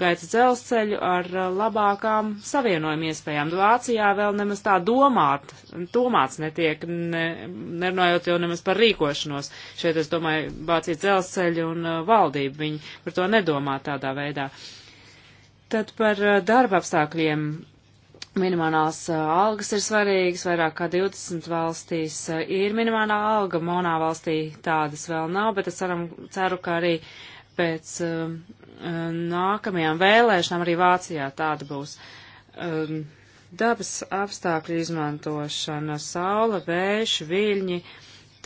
gaitas dzelzceļu, ar uh, labākām savienojuma iespējām. Vācijā vēl nemaz tā domāt, domāts netiek, ne, nerunājot jau nemaz par rīkošanos. Šeit, es domāju, Vācijas dzelzceļu un uh, valdību, viņi par to nedomā tādā veidā. Tad par darba apstākļiem Minimālās algas ir svarīgas, vairāk kā 20 valstīs ir minimālā alga, monā valstī tādas vēl nav, bet es ceram, ceru, ka arī pēc uh, nākamajām vēlēšanām arī Vācijā tāda būs. Uh, dabas apstākļu izmantošana, saula, vējš, viļņi.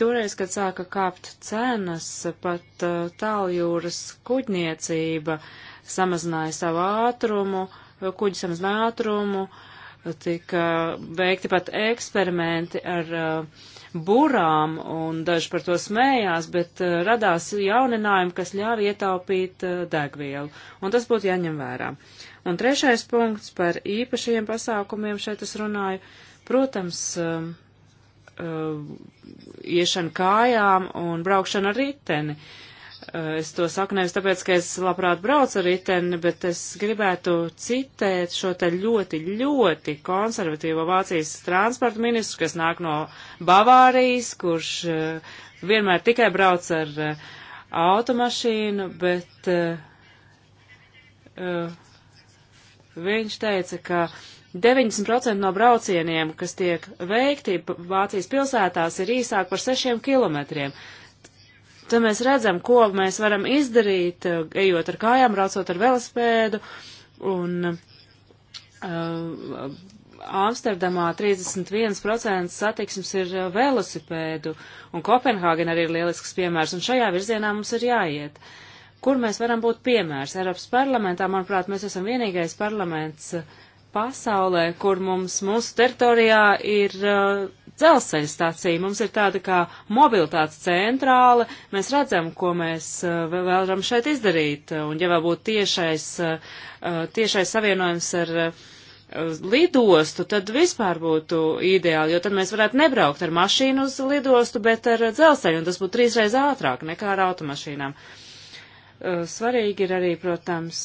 Toreiz, kad sāka kāpt cenas, pat uh, tāljūras kuģniecība samazināja savu ātrumu, kuģi samazināja ātrumu, uh, tika veikti pat eksperimenti ar uh, burām, un daži par to smējās, bet uh, radās jauninājumi, kas ļāva ietaupīt uh, degvielu, un tas būtu jāņem vērā. Un trešais punkts par īpašajiem pasākumiem, šeit es runāju, protams, um, uh, iešana kājām un braukšana ar riteni. Uh, Eh, es to saku nevis tāpēc, ka es labprāt braucu ar riteni, bet es gribētu citēt šo te ļoti, ļoti konservatīvo Vācijas transporta ministru, kas nāk no Bavārijas, kurš eh, vienmēr tikai brauc ar eh, automašīnu, bet viņš teica, ka 90% no braucieniem, kas tiek veikti Vācijas pilsētās, ir īsāk par 6 kilometriem. Te mēs redzam, ko mēs varam izdarīt, eh, ejot ar kājām, braucot ar velospēdu. Un, uh, Amsterdamā 31% satiksmes ir eh, velosipēdu, un Kopenhāgena arī ir lielisks piemērs, un šajā virzienā mums ir jāiet. Kur mēs varam būt piemērs? Eiropas parlamentā, manuprāt, mēs esam vienīgais parlaments pasaulē, kur mums mūsu teritorijā ir uh, dzelzceļa stācija, mums ir tāda kā mobilitātes centrāla, mēs redzam, ko mēs eh, vēl varam šeit izdarīt, un ja vēl būtu tiešais, eh, eh, tiešais savienojums ar lidostu, tad vispār būtu ideāli, jo tad mēs varētu nebraukt ar mašīnu uz lidostu, bet ar dzelzceļu, un tas būtu trīsreiz ātrāk nekā ar automašīnām svarīgi ir arī, protams,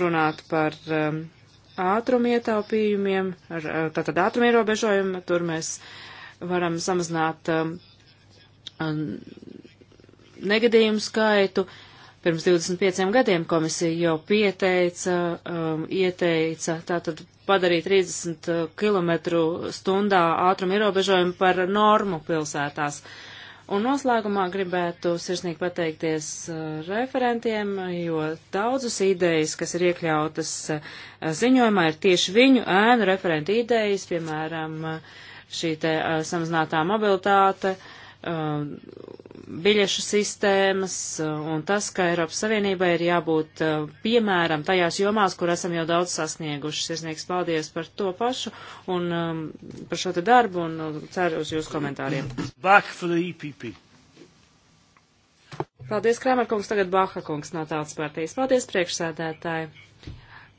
runāt par ātrumietaupījumiem, ar, tātad ātrumierobežojumu, tur mēs varam samazināt um, negadījumu skaitu. Pirms 25 gadiem komisija jau pieteica, um, ieteica tātad padarīt 30 km stundā ātrumu ierobežojumu par normu pilsētās. Uh, Un noslēgumā gribētu sirsnīgi pateikties uh, referentiem, jo daudzas idejas, kas ir iekļautas uh, ziņojumā, ir tieši viņu ēnu referentu idejas, piemēram, uh, šī te samazinātā mobilitāte biļešu sistēmas un tas, ka Eiropas Savienībai ir jābūt eh, piemēram tajās jomās, kur esam jau daudz sasnieguši. Sirsnieks paldies par to pašu un um, par šo te darbu un uh, ceru uz jūsu komentāriem. E paldies, Kramerkungs, tagad Baha kungs no tautas partijas. Paldies, priekšsēdētāji.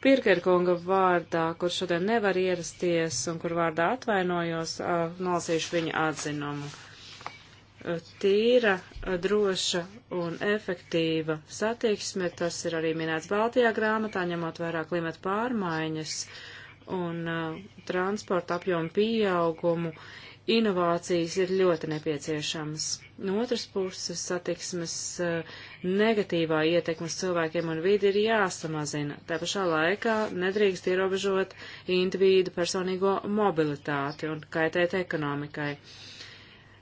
Pirker kunga vārdā, kurš šodien nevar ierasties un kur vārdā atvainojos, uh, nolasīšu viņa atzinumu tīra, droša un efektīva satiksme. Tas ir arī minēts Baltijā grāmatā, ņemot vērā klimata pārmaiņas un uh, transporta apjomu pieaugumu. Inovācijas ir ļoti nepieciešamas. No otras puses, satiksmes uh, negatīvā ietekmes cilvēkiem un vidi ir jāsamazina. Tā pašā laikā nedrīkst ierobežot individu personīgo mobilitāti un kaitēt ekonomikai. Uh,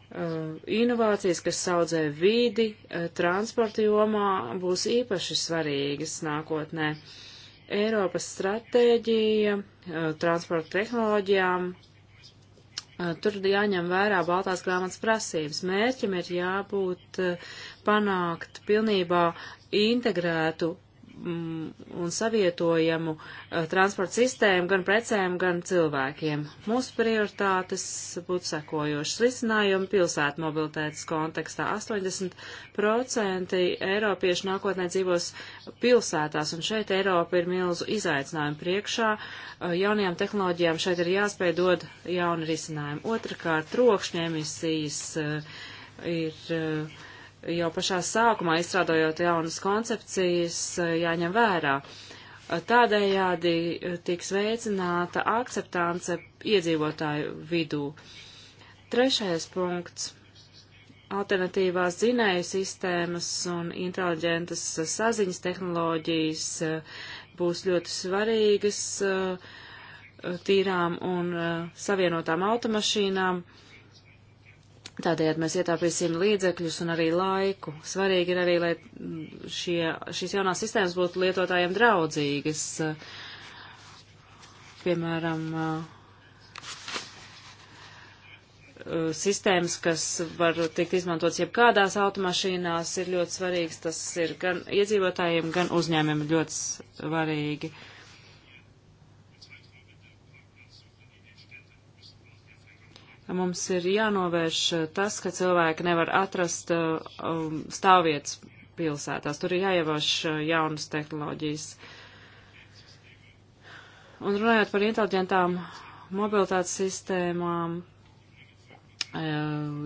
Eh, inovācijas, kas saudzē vīdi, eh, transporta jomā, būs īpaši svarīgas nākotnē. Eiropas stratēģija eh, transporta tehnoloģijām, tur jāņem vērā Baltās grāmatas prasības. Mērķim ir jābūt panākt pilnībā integrētu Mm, un savietojamu eh, transporta sistēmu gan precēm, gan cilvēkiem. Mūsu prioritātes būtu sekojošas risinājumi pilsētu mobilitātes kontekstā. 80% eiropiešu nākotnē dzīvos pilsētās, un šeit Eiropa ir milzu izaicinājumu priekšā. Eh, jaunajām tehnoloģijām šeit ir jāspēj dod jauni risinājumi. Otrakārt, trokšņa emisijas eh, ir jau pašā sākumā izstrādājot jaunas koncepcijas eh, jāņem vērā. Tādējādi eh, tiks veicināta akceptance iedzīvotāju vidū. Trešais punkts - alternatīvās zinēju sistēmas un inteliģentas eh, saziņas tehnoloģijas būs ļoti svarīgas tīrām un savienotām automašīnām. Uh, Tādējādi mēs ietāpīsim līdzekļus un arī laiku. Svarīgi ir arī, lai mm, šie, šīs jaunās sistēmas būtu lietotājiem draudzīgas. Piemēram, sistēmas, kas var tikt izmantotas jebkādās automašīnās, ir ļoti svarīgas. Tas ir gan iedzīvotājiem, gan uzņēmiem ļoti svarīgi. Uh, Mums ir jānovērš eh, tas, ka cilvēki nevar atrast eh, um, stāvvietas pilsētās. Tur ir jāievāš eh, jaunas tehnoloģijas. Un runājot par inteliģentām mobilitātes sistēmām,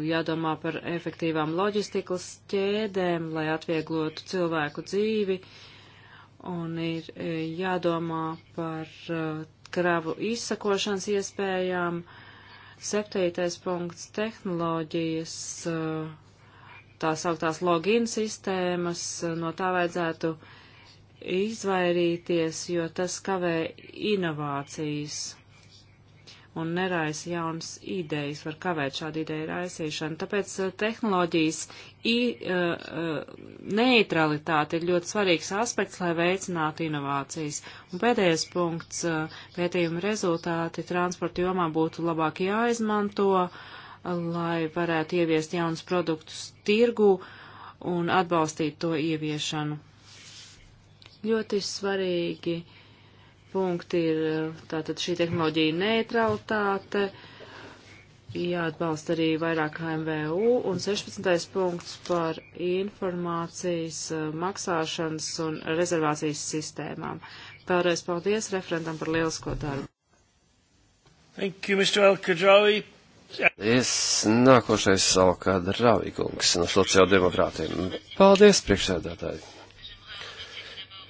jādomā par efektīvām loģistikas ķēdēm, lai atvieglotu cilvēku dzīvi, un ir jādomā par kravu izsakošanas iespējām. Uh, Septītais punkts - tehnoloģijas, eh, tā sauktās login sistēmas, eh, no tā vajadzētu izvairīties, jo tas kavē inovācijas un neraisa jaunas idejas, var kavēt šādu ideju raisīšanu. Tāpēc uh, tehnoloģijas i, uh, uh neutralitāte ir ļoti svarīgs aspekts, lai veicinātu inovācijas. Un pēdējais punkts uh, - pētījuma rezultāti transporta jomā būtu labāk jāizmanto, lai varētu ieviest jaunus produktus tirgu un atbalstīt to ieviešanu. Ļoti svarīgi uh, punkti ir eh, tātad šī tehnoloģija neutralitāte, jāatbalsta arī vairāk MVU, un 16. punkts par informācijas, eh, maksāšanas un rezervācijas sistēmām. Vēlreiz paldies referentam par lielisko darbu. Thank you, Mr. Alkadrawi. Es nākošais savukārt Rāvīgungs no sociāldemokrātiem. Paldies, priekšsēdētāji!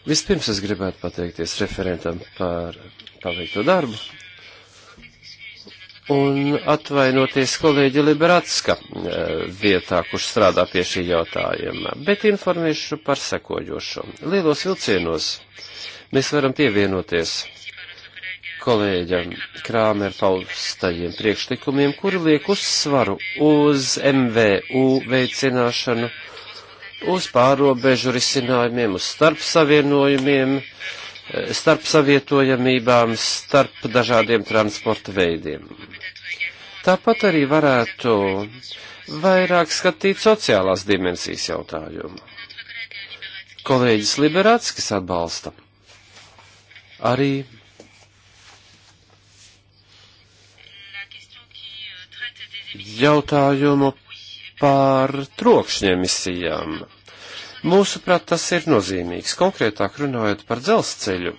Vispirms es gribētu pateikties referentam par paveikto darbu un atvainoties kolēģi Liberatska eh, vietā, kurš strādā pie šī jautājuma, bet informēšu par sekojošo. Lielos vilcienos mēs varam pievienoties kolēģa Krāmer paustajiem priekšlikumiem, kuri liek uzsvaru uz MVU veicināšanu uz pārobežu risinājumiem, uz starpsavienojumiem, starpsavietojamībām, starp dažādiem transporta veidiem. Tāpat arī varētu vairāk skatīt sociālās dimensijas jautājumu. Kolēģis Liberāckis atbalsta arī jautājumu par trokšņemisijām. Mūsuprāt, tas ir nozīmīgs. Konkrētāk runājot par dzelzceļu,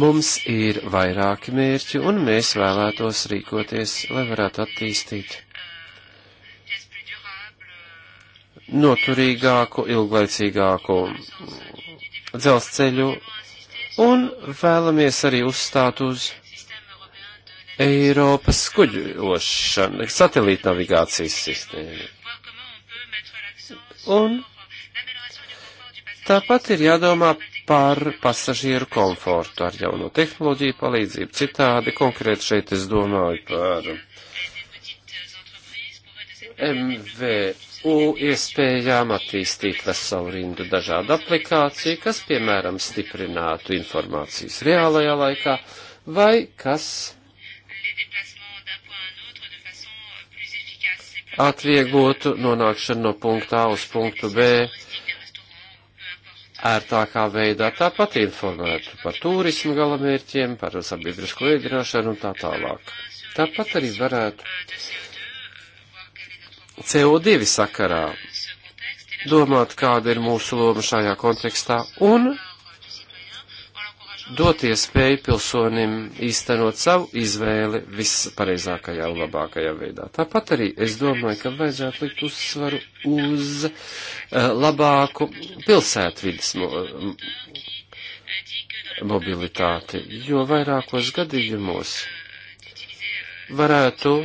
mums ir vairāki mērķi, un mēs vēlētos rīkoties, lai varētu attīstīt noturīgāku, ilglaicīgāku dzelzceļu, un vēlamies arī uzstāt uz Eiropas kuģošanu, satelīta navigācijas sistēmu. Un Tāpat ir jādomā par pasažieru komfortu ar jauno tehnoloģiju palīdzību. Citādi konkrēti šeit es domāju par MVU iespējām attīstīt veselu rindu dažādu aplikāciju, kas, piemēram, stiprinātu informācijas reālajā laikā vai kas atvieglotu nonākšanu no punktā uz punktu B ērtākā veidā tāpat informētu par turismu galamērķiem, par sabiedrisko ēdināšanu un tā tālāk. Tāpat arī varētu CO2 sakarā domāt, kāda ir mūsu loma šajā kontekstā un dot iespēju pilsonim īstenot savu izvēli vispareizākajā un labākajā veidā. Tāpat arī es domāju, ka vajadzētu likt uzsvaru uz eh, labāku pilsētvidas mo mobilitāti, jo vairākos gadījumos varētu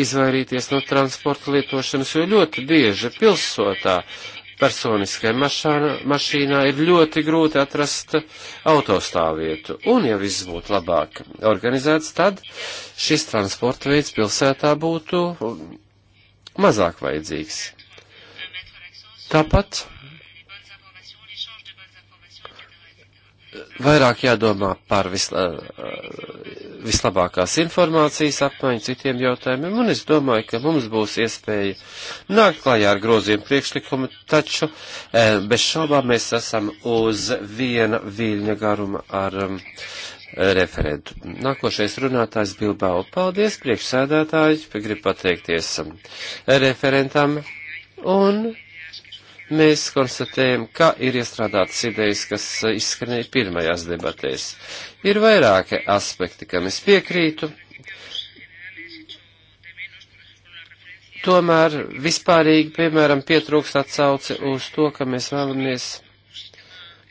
izvairīties no transporta lietošanas, jo ļoti bieži pilsotā uh, personiskai mašana, mašīnā ir ļoti grūti atrast autostāvvietu. Un, ja viss būtu labāk organizēts, tad šis transporta veids pilsētā būtu mazāk vajadzīgs. Tāpat vairāk jādomā par visla, vislabākās informācijas apmaiņu citiem jautājumiem, un es domāju, ka mums būs iespēja nākt klajā ar grozījumu priekšlikumu, taču e, bez šaubām mēs esam uz viena viļņa garuma ar um, referentu. Nākošais runātājs Bilbao. Paldies, priekšsēdētāji, gribu pateikties um, referentam un mēs konstatējam, ka ir iestrādātas idejas, kas izskanēja pirmajās debatēs. Ir vairāki aspekti, kam es piekrītu. Tomēr vispārīgi, piemēram, pietrūkst atsauce uz to, ka mēs vēlamies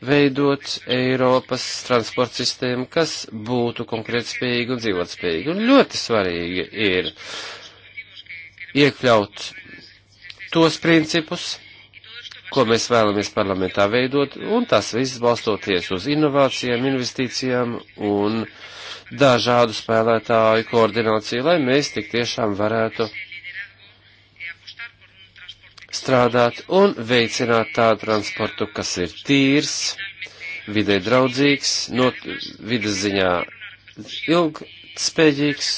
veidot Eiropas transporta sistēmu, kas būtu konkrētspējīga un dzīvotspējīga. Un ļoti svarīgi ir iekļaut tos principus, ko mēs vēlamies parlamentā veidot, un tas viss balstoties uz inovācijām, investīcijām un dažādu spēlētāju koordināciju, lai mēs tik tiešām varētu strādāt un veicināt tādu transportu, kas ir tīrs, vidē draudzīgs, no vidas ziņā ilgspējīgs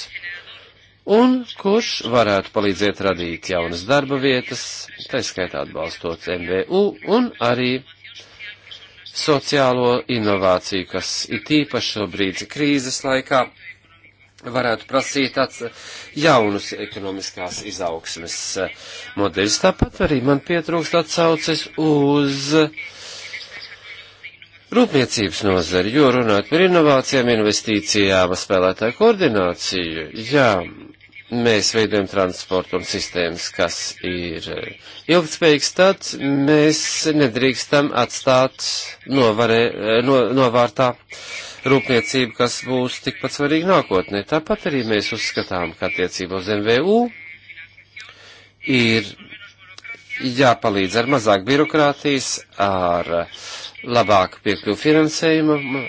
un kurš varētu palīdzēt radīt jaunas darba vietas, taiskaitā atbalstot MVU un arī sociālo inovāciju, kas it īpaši šobrīd krīzes laikā varētu prasīt tāds jaunus ekonomiskās izaugsmes eh, modeļus. Tāpat arī man pietrūkst atsauces uz rūpniecības nozari, jo runāt par inovācijām, investīcijām, spēlētāju koordināciju, jā, mēs veidojam transportu un sistēmas, kas ir eh, ilgspējīgs, tad mēs nedrīkstam atstāt novare, eh, no, novārtā rūpniecību, kas būs tikpat svarīga nākotnē. Tāpat arī mēs uzskatām, ka attiecībā uz MVU ir jāpalīdz ar mazāk birokrātijas, ar labāku piekļuvu finansējumam,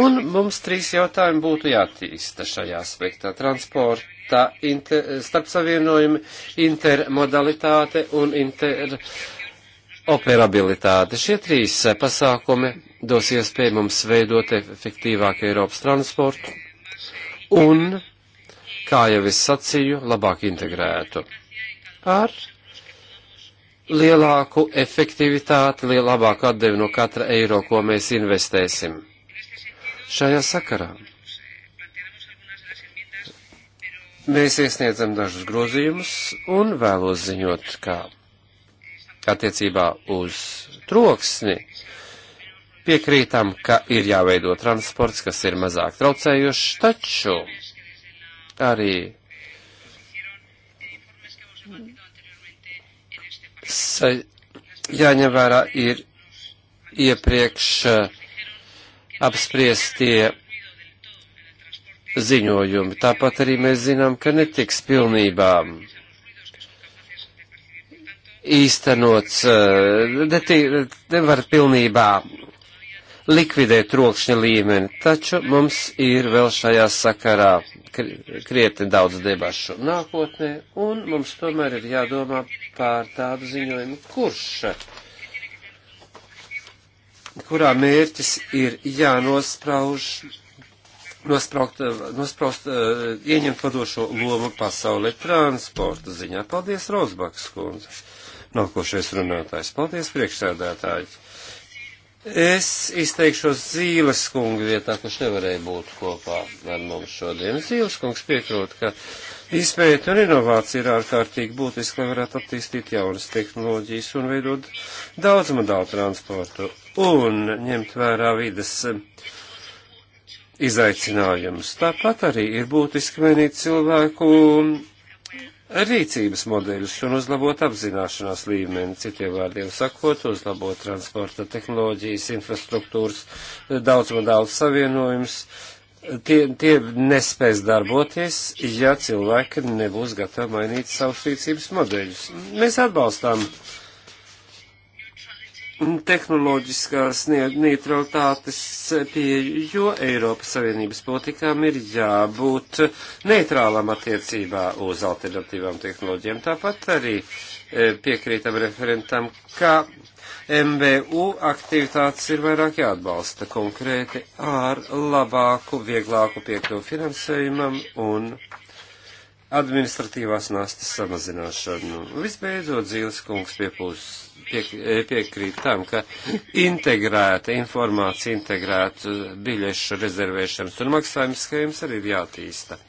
un mums trīs jautājumi būtu jātīsta šajā aspektā - transporta starta, inter, starp savienojumi, intermodalitāte un interoperabilitāte. Šie trīs pasākumi dos iespēju mums veidot efektīvāku Eiropas transportu un, kā jau es sacīju, labāk integrētu ar lielāku efektivitāti, lielāku atdevi no katra eiro, ko mēs investēsim. Šajā sakarā Mēs iesniedzam dažus grozījumus un vēlos ziņot, ka attiecībā uz troksni piekrītam, ka ir jāveido transports, kas ir mazāk traucējošs, taču arī sa, jāņem vērā ir iepriekš eh, apspriestie ziņojumi. Tāpat arī mēs zinām, ka netiks pilnībā īstenots, eh, neti, nevar pilnībā likvidēt trokšņa līmeni, taču mums ir vēl šajā sakarā krietni daudz debašu nākotnē, un mums tomēr ir jādomā pār tādu ziņojumu, kurš, kurā mērķis ir jānosprauž nospraukt, nospraust, eh, ieņemt vadošo lomu pasaulē transporta ziņā. Paldies, Rozbaks kundze. Nākošais runātājs. Paldies, priekšsēdētāji. Es izteikšos Zīles kungu vietā, kurš nevarēja būt kopā ar mums šodien. Zīles kungs piekrot, ka izpēta un inovācija ir ārkārtīgi būtiski, lai varētu attīstīt jaunas tehnoloģijas un veidot daudzmadālu transportu un ņemt vērā vides. Uh, izaicinājums. Tāpat arī ir būtiski mainīt cilvēku rīcības modeļus un uzlabot apzināšanās līmeni, citiem vārdiem sakot, uzlabot transporta tehnoloģijas, infrastruktūras, daudzmodāls savienojums. Tie, tie nespēs darboties, ja cilvēki nebūs gatavi mainīt savus rīcības modeļus. Mēs atbalstām uh, tehnoloģiskās neutralitātes pieeju, jo Eiropas Savienības politikām ir jābūt neitrālam attiecībā uz alternatīvām tehnoloģijām. Tāpat arī e, piekrītam referentam, ka MBU aktivitātes ir vairāk jāatbalsta konkrēti ar labāku, vieglāku piekļuvu finansējumam un administratīvās nastas samazināšanu. Visbeidzot, Zīles kungs piepūst pie, piekrīt tam, ka integrēta informācija, integrēta biļešu rezervēšanas un maksājuma schēmas arī ir jātīsta.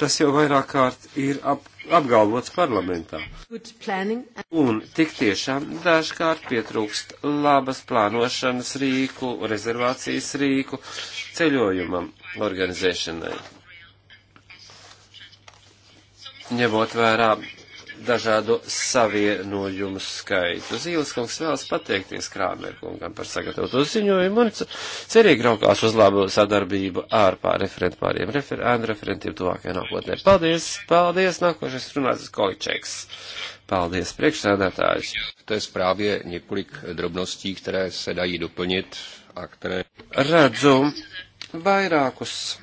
Tas jau vairāk kārt ir ap, apgalvots parlamentā. Un tik tiešām dažkārt pietrūkst labas plānošanas rīku, rezervācijas rīku ceļojumam organizēšanai. Ņemot vērā dažādu savienojumu skaitu. Zīles kungs vēlas pateikties Krāmerkungam par sagatavoto ziņojumu un cerīgi raukās uz labu sadarbību ar pārreferentu pāriem refer referentiem tuvākajā nākotnē. Paldies, paldies, nākošais runāts Količeks. Paldies, priekšsēdētājs. Tas prāvie několik drobnostī, které se dají doplnit a které... Redzu vairākus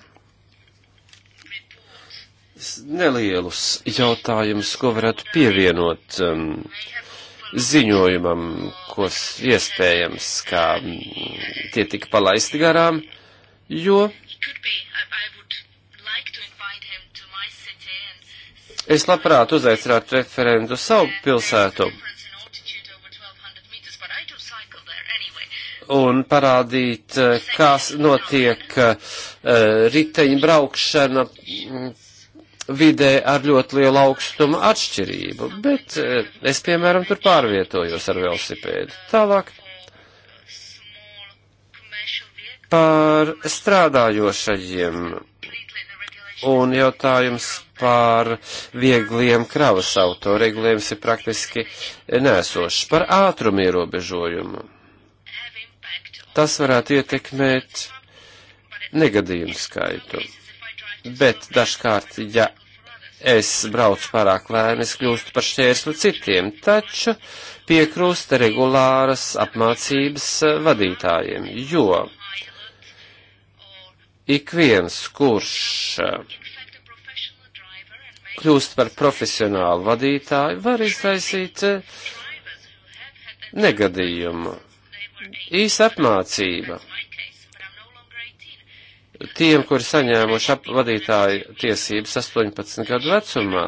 nelielus jautājumus, ko varētu pievienot um, ziņojumam, kas iespējams, ka um, tie tika palaisti garām, jo es labprāt uzaicinātu referendu savu pilsētu un parādīt, uh, kas notiek uh, riteņbraukšana vidē ar ļoti lielu augstumu atšķirību, bet eh, es, piemēram, tur pārvietojos ar velosipēdu. Tālāk par strādājošajiem un jautājums par viegliem kravas auto regulējums ir praktiski nēsošs par ātrumu ierobežojumu. Tas varētu ietekmēt negadījumu skaitu bet dažkārt, ja es braucu pārāk lēni, es kļūstu par šķērslu citiem, taču piekrūst regulāras apmācības eh, vadītājiem, jo ik viens, kurš eh, kļūst par profesionālu vadītāju, var izraisīt eh, negadījumu. Īsa apmācība tiem, kuri saņēmuši vadītāju tiesības 18 gadu vecumā.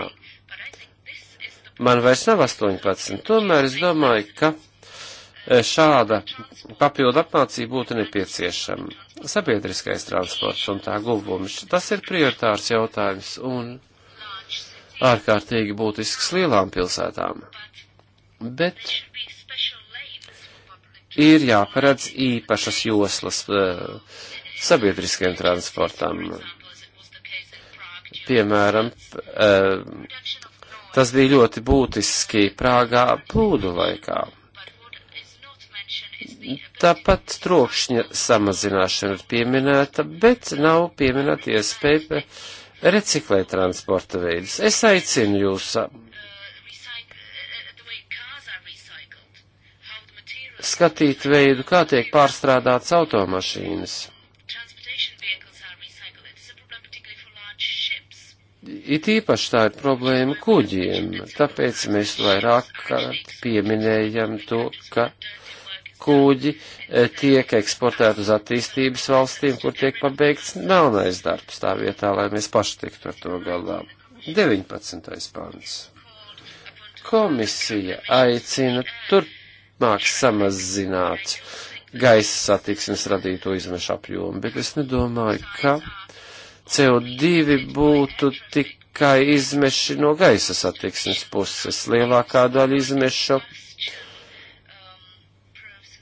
Man vairs nav 18, tomēr es domāju, ka e, šāda papildu apmācība būtu nepieciešama. Sabiedriskais transports un tā guvums, tas ir prioritārs jautājums un ārkārtīgi būtisks lielām pilsētām. Bet ir jāparedz īpašas joslas uh, sabiedriskiem transportam. Piemēram, eh, tas bija ļoti būtiski Prāgā plūdu laikā. Tāpat trokšņa samazināšana ir pieminēta, bet nav pieminēta iespēja reciklēt transporta veidus. Es aicinu jūs skatīt veidu, kā tiek pārstrādāts automašīnas. It īpaši tā ir problēma kuģiem, tāpēc mēs vairāk pieminējam to, ka kuģi eh, tiek eksportēti uz attīstības valstīm, kur tiek pabeigts melnais darbs tā vietā, lai mēs paši tiktu ar to galā. 19. pants. Komisija aicina turpmāk samazināt gaisa satiksmes radīto izmešu apjomu, bet es nedomāju, ka CO2 būtu tikai izmeši no gaisa satiksmes puses. Lielākā daļa izmešu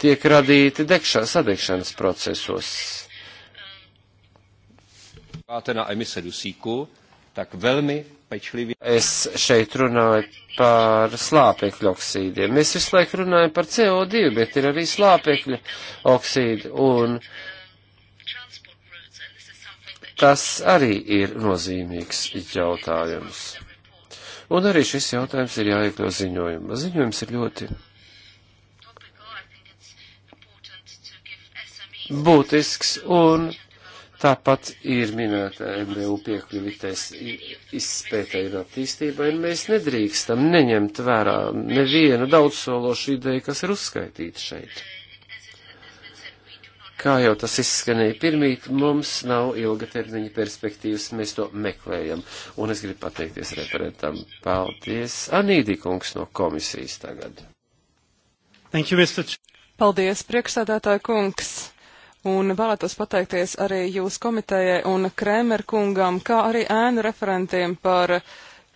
tiek radīti degšā, sadegšanas procesos. Es šeit runāju par slāpekļu oksīdiem. Mēs visu laiku runājam par CO2, bet ir arī slāpekļu oksīdi. Un uh, Tas arī ir nozīmīgs jautājums. Un arī šis jautājums ir jāiekļau ziņojumā. Ziņojums ir ļoti būtisks un tāpat ir minēta MBU piekļuvitēs izspētē un attīstībai, un mēs nedrīkstam neņemt vērā nevienu daudzsološu ideju, kas ir uzskaitīta šeit kā jau tas izskanēja pirmīt, mums nav ilgatermiņa perspektīvas, mēs to meklējam. Un es gribu pateikties referentam. Paldies. Anīdī kungs no komisijas tagad. Thank you, Mr. Ch Paldies, priekšsēdētāja kungs. Un vēlētos pateikties arī jūs komitējai un Krēmer kungam, kā arī ēnu referentiem par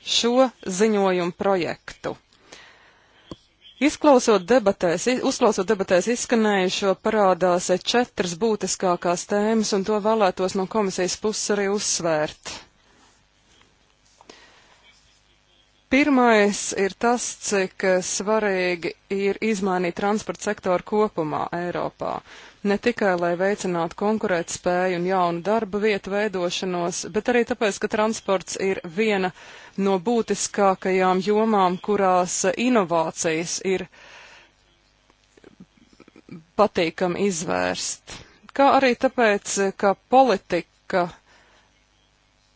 šo ziņojumu projektu. Izklausot debatēs, uzklausot debatēs izskanējušo, parādās četras būtiskākās tēmas, un to vēlētos no komisijas puses arī uzsvērt. Pirmais ir tas, cik svarīgi ir izmainīt transporta sektoru kopumā Eiropā ne tikai lai veicinātu konkurētspēju un jaunu darba vietu veidošanos, bet arī tāpēc, ka transports ir viena no būtiskākajām jomām, kurās inovācijas ir patīkami izvērst. Kā arī tāpēc, ka politika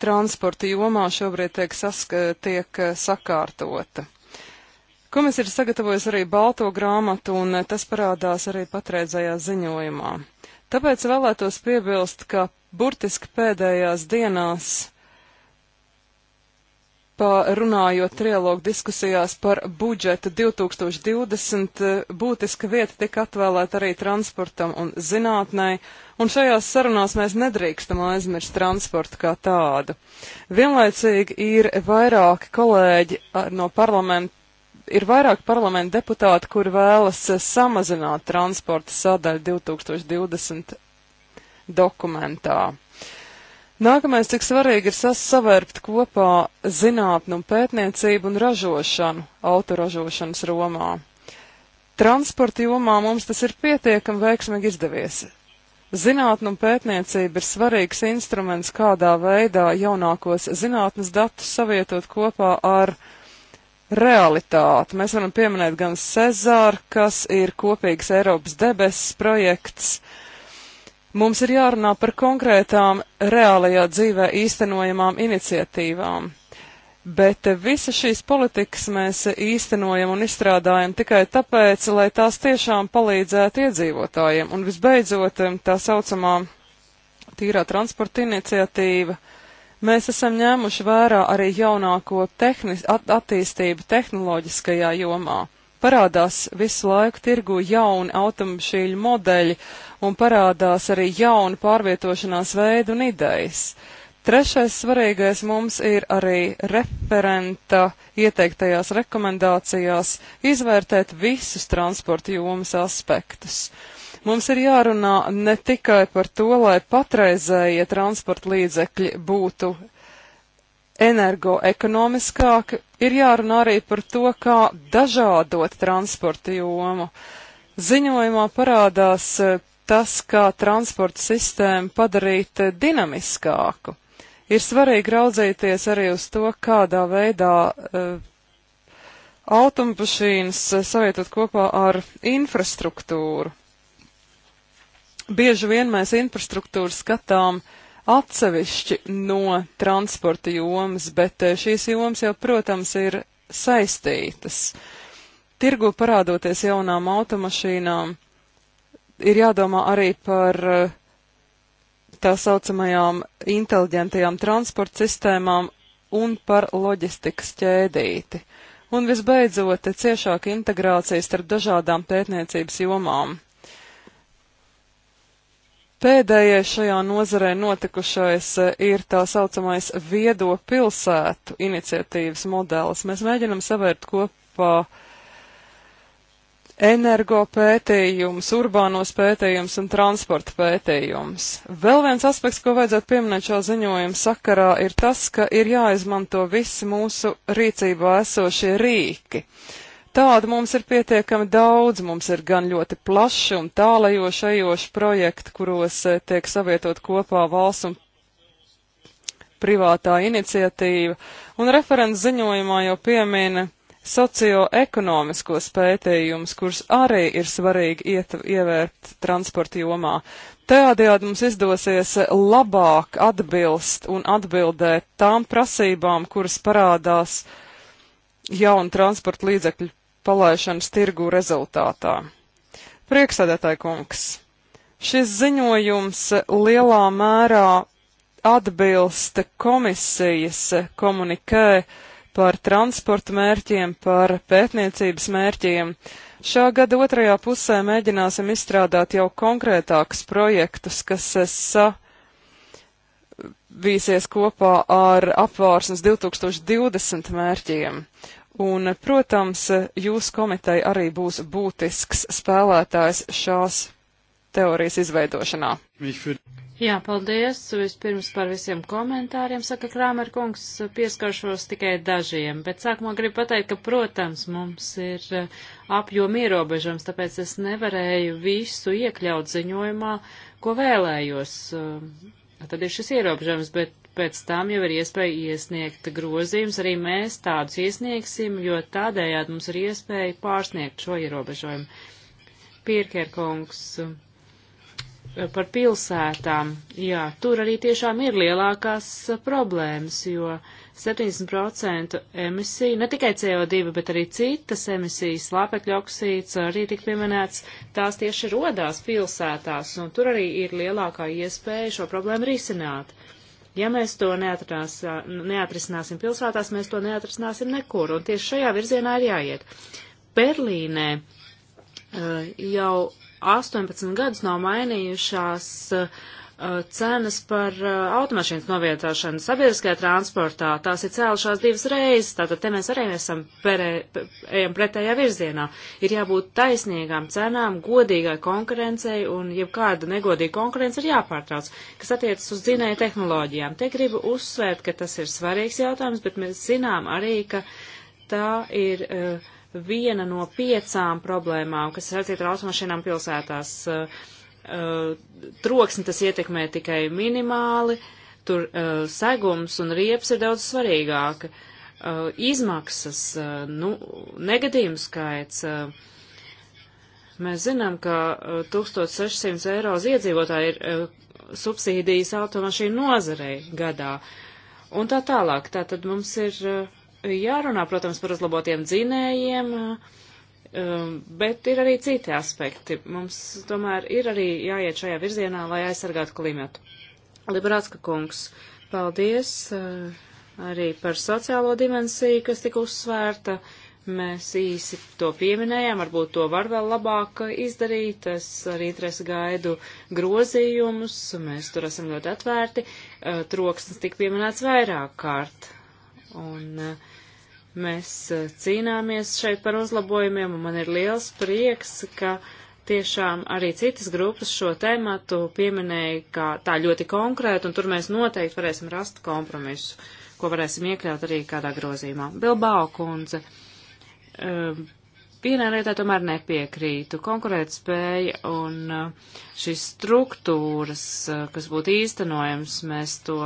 transporta jomā šobrīd tiek, sask tiek eh, sakārtota. Komisija ir sagatavojusi arī balto grāmatu, un eh, tas parādās arī patreizajā ziņojumā. Tāpēc vēlētos piebilst, ka burtiski pēdējās dienās runājot trialogu diskusijās par budžetu 2020, eh, būtiska vieta tika atvēlēta arī transportam un zinātnei, un šajās sarunās mēs nedrīkstam aizmirst transportu kā tādu. Vienlaicīgi ir vairāki kolēģi ar, eh, no parlamenta ir vairāk parlamenta deputāti, kuri vēlas eh, samazināt transporta sadaļu 2020 dokumentā. Nākamais, cik svarīgi ir savērpt kopā zinātnu un pētniecību un ražošanu autoražošanas Romā. Transporta jomā mums tas ir pietiekami veiksmīgi izdevies. Zinātne un pētniecība ir svarīgs instruments, kādā veidā jaunākos zinātnes datus savietot kopā ar uh, realitāti. Mēs varam pieminēt gan Cezāru, kas ir kopīgs Eiropas debesis projekts. Mums ir jārunā par konkrētām reālajā dzīvē īstenojamām iniciatīvām. Bet visa šīs politikas mēs īstenojam un izstrādājam tikai tāpēc, lai tās tiešām palīdzētu iedzīvotājiem. Un visbeidzot, tā saucamā tīrā transporta iniciatīva uh, Mēs esam ņēmuši vērā arī jaunāko tehnis, at attīstību tehnoloģiskajā jomā. Parādās visu laiku tirgu jauni automašīļu modeļi un parādās arī jauni pārvietošanās veidi un idejas. Trešais svarīgais mums ir arī referenta ieteiktajās rekomendācijās izvērtēt visus transporta jomas aspektus. Mums ir jārunā ne tikai par to, lai patreizējie transporta līdzekļi būtu energoekonomiskāki, ir jārunā arī par to, kā dažādot transporta jomu. Ziņojumā parādās e, tas, kā transporta sistēmu padarīt e, dinamiskāku. Ir svarīgi raudzīties arī uz to, kādā veidā uh, automašīnas savietot kopā ar infrastruktūru. Bieži vien mēs infrastruktūru skatām atsevišķi no transporta jomas, bet eh, šīs jomas jau, protams, ir saistītas. Tirgu parādoties jaunām automašīnām, ir jādomā arī par eh, tā saucamajām inteliģentajām transporta sistēmām un par loģistikas ķēdīti. Un visbeidzot, ciešāka integrācija starp dažādām pētniecības jomām. Pēdējais šajā nozarē notikušais eh, ir tā saucamais viedo pilsētu iniciatīvas modelis. Mēs mēģinam savērt kopā energo pētījums, urbānos pētījums un transporta pētījums. Vēl viens aspekts, ko vajadzētu pieminēt šā ziņojuma sakarā, ir tas, ka ir jāizmanto visi mūsu rīcībā esošie rīki. Uh, Tādu mums ir pietiekami daudz, mums ir gan ļoti plaši un tālajoši ejoši projekti, kuros eh, tiek savietot kopā valsts un privātā iniciatīva, un referents ziņojumā jau piemina socioekonomiskos pētījumus, kurus arī ir svarīgi iet, ievērt transporta jomā. Tādējādi mums izdosies labāk atbilst un atbildēt tām prasībām, kuras parādās jaunu transporta līdzekļu palaišanas tirgu rezultātā. Prieksēdētāji kungs, šis ziņojums lielā mērā atbilst komisijas komunikē par transporta mērķiem, par pētniecības mērķiem. Šā gada otrajā pusē mēģināsim izstrādāt jau konkrētākus projektus, kas savīsies kopā ar apvārsnes 2020 mērķiem. Un, protams, jūsu komiteja arī būs būtisks spēlētājs šās teorijas izveidošanā. Jā, paldies. Vispirms par visiem komentāriem, saka Krāmer kungs, pieskaršos tikai dažiem, bet sākumā gribu pateikt, ka, protams, mums ir eh, apjomi ierobežams, tāpēc es nevarēju visu iekļaut ziņojumā, ko vēlējos. Eh, tad ir šis ierobežams, bet pēc tam jau ir iespēja iesniegt grozījums, arī mēs tādus iesniegsim, jo tādējādi mums ir iespēja pārsniegt šo ierobežojumu. Pirkerkungs par pilsētām, jā, tur arī tiešām ir lielākās problēmas, jo 70% emisiju, ne tikai CO2, bet arī citas emisijas, slāpekļa oksīds arī tik pieminēts, tās tieši rodās pilsētās, un tur arī ir lielākā iespēja šo problēmu risināt. Ja mēs to neatrisināsim pilsētās, mēs to neatrisināsim nekur, un tieši šajā virzienā ir jāiet. Berlīnē uh, eh, jau 18 gadus nav mainījušās uh, Uh, cenas par uh, automašīnas novietāšanu sabiedriskajā transportā. Tās ir cēlušās divas reizes, tātad te mēs arī esam perē, ejam pretējā virzienā. Ir jābūt taisnīgām cenām, godīgai konkurencei un jebkāda negodīga konkurence ir jāpārtrauc, kas attiecas uz dzinēju tehnoloģijām. Te gribu uzsvērt, ka tas ir svarīgs jautājums, bet mēs zinām arī, ka tā ir uh, viena no piecām problēmām, kas ir saistīta ar automašīnām pilsētās. Uh, Uh, troksni tas ietekmē tikai minimāli, tur uh, segums un riepas ir daudz svarīgāka. Uh, izmaksas, uh, nu, negadījumu skaits. Uh, mēs zinām, ka uh, 1600 eiro uz iedzīvotāju ir uh, subsīdijas automašīnu nozarei gadā. Un tā tālāk. Tātad mums ir uh, jārunā, protams, par uzlabotiem dzinējiem. Uh, Um, bet ir arī citi aspekti. Mums tomēr ir arī jāiet šajā virzienā, lai aizsargātu klimatu. Liberātska kungs, paldies uh, arī par sociālo dimensiju, kas tika uzsvērta. Mēs īsi to pieminējām, varbūt to var vēl labāk izdarīt. Es ar interesi gaidu grozījumus, mēs tur esam ļoti atvērti. Uh, troksnis tika pieminēts vairāk kārt. Un uh, Mēs eh, cīnāmies šeit par uzlabojumiem, un man ir liels prieks, ka tiešām arī citas grupas šo tēmatu pieminēja kā tā ļoti konkrēti, un tur mēs noteikti varēsim rast kompromisu, ko varēsim iekļaut arī kādā grozījumā. Bilbao kundze eh, vienā lietā tomēr nepiekrītu. Konkurētspēja un uh, šīs struktūras, uh, kas būtu īstenojams, mēs to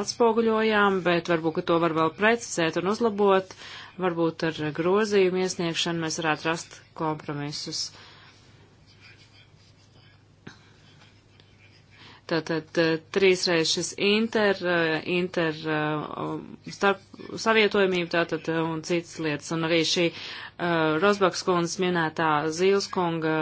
atspoguļojām, bet varbūt, ka to var vēl precizēt un uzlabot. Varbūt ar grozījumu iesniegšanu mēs varētu rast kompromisus. Uh, Tātad eh, trīsreiz šis inter, eh, inter eh, starp savietojumība tātad un citas lietas. Un arī šī uh, Rosbaks kundas minētā Zīles kunga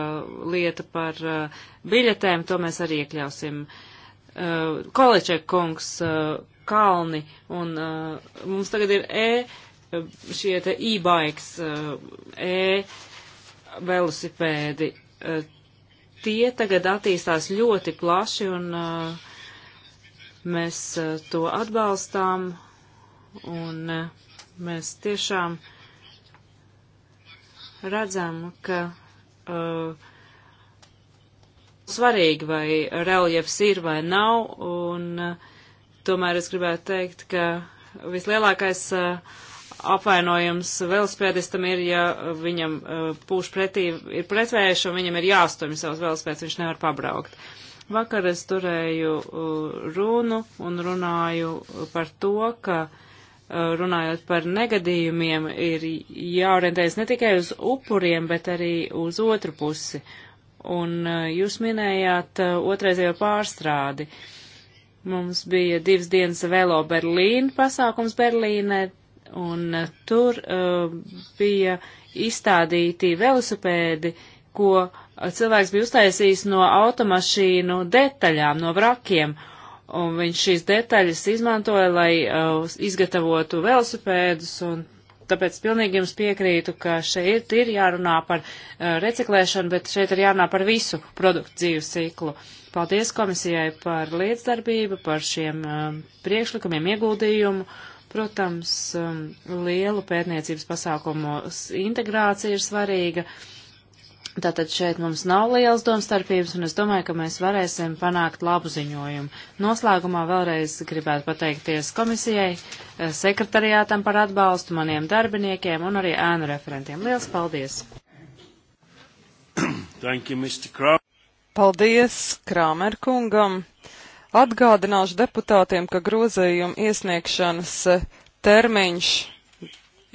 lieta par uh, biļetēm, to mēs arī iekļausim. Uh, Količek kungs, uh, Kalni un uh, mums tagad ir E, šie te e-bikes, uh, E velosipēdi. Uh, tie tagad attīstās ļoti plaši un uh, mēs uh, to atbalstām un uh, mēs tiešām redzam, ka uh, svarīgi, vai reljefs ir vai nav, un uh, tomēr es gribētu teikt, ka vislielākais uh, apvainojums velospēdistam ir, ja viņam uh, pūš pretī, ir pretvējuši un viņam ir jāstumj savus velospēdus, viņš nevar pabraukt. Vakar es turēju uh, runu un runāju par to, ka uh, runājot par negadījumiem, ir jāorientējas ne tikai uz upuriem, bet arī uz otru pusi. Un uh, jūs minējāt uh, otraizējo pārstrādi. Mums bija divas dienas velo Berlīna pasākums Berlīnē, Un uh, tur uh, bija izstādīti velosipēdi, ko uh, cilvēks bija uztaisījis no automašīnu detaļām, no vrakiem. Un viņš šīs detaļas izmantoja, lai uh, izgatavotu velosipēdus un tāpēc pilnīgi jums piekrītu, ka šeit ir jārunā par uh, reciklēšanu, bet šeit ir jārunā par visu produktu dzīves ciklu. Paldies komisijai par līdzdarbību, par šiem uh, priekšlikumiem, ieguldījumu Protams, um, lielu pētniecības pasākumu integrācija ir svarīga. Tātad šeit mums nav liels domstarpības, un es domāju, ka mēs varēsim panākt labu ziņojumu. Noslēgumā vēlreiz gribētu pateikties komisijai, eh, sekretariātam par atbalstu, maniem darbiniekiem un arī ēnu referentiem. Liels paldies! Thank you, Mr. Kramer. Paldies Kramerkungam! Atgādināšu deputātiem, ka grozījuma iesniegšanas e, termiņš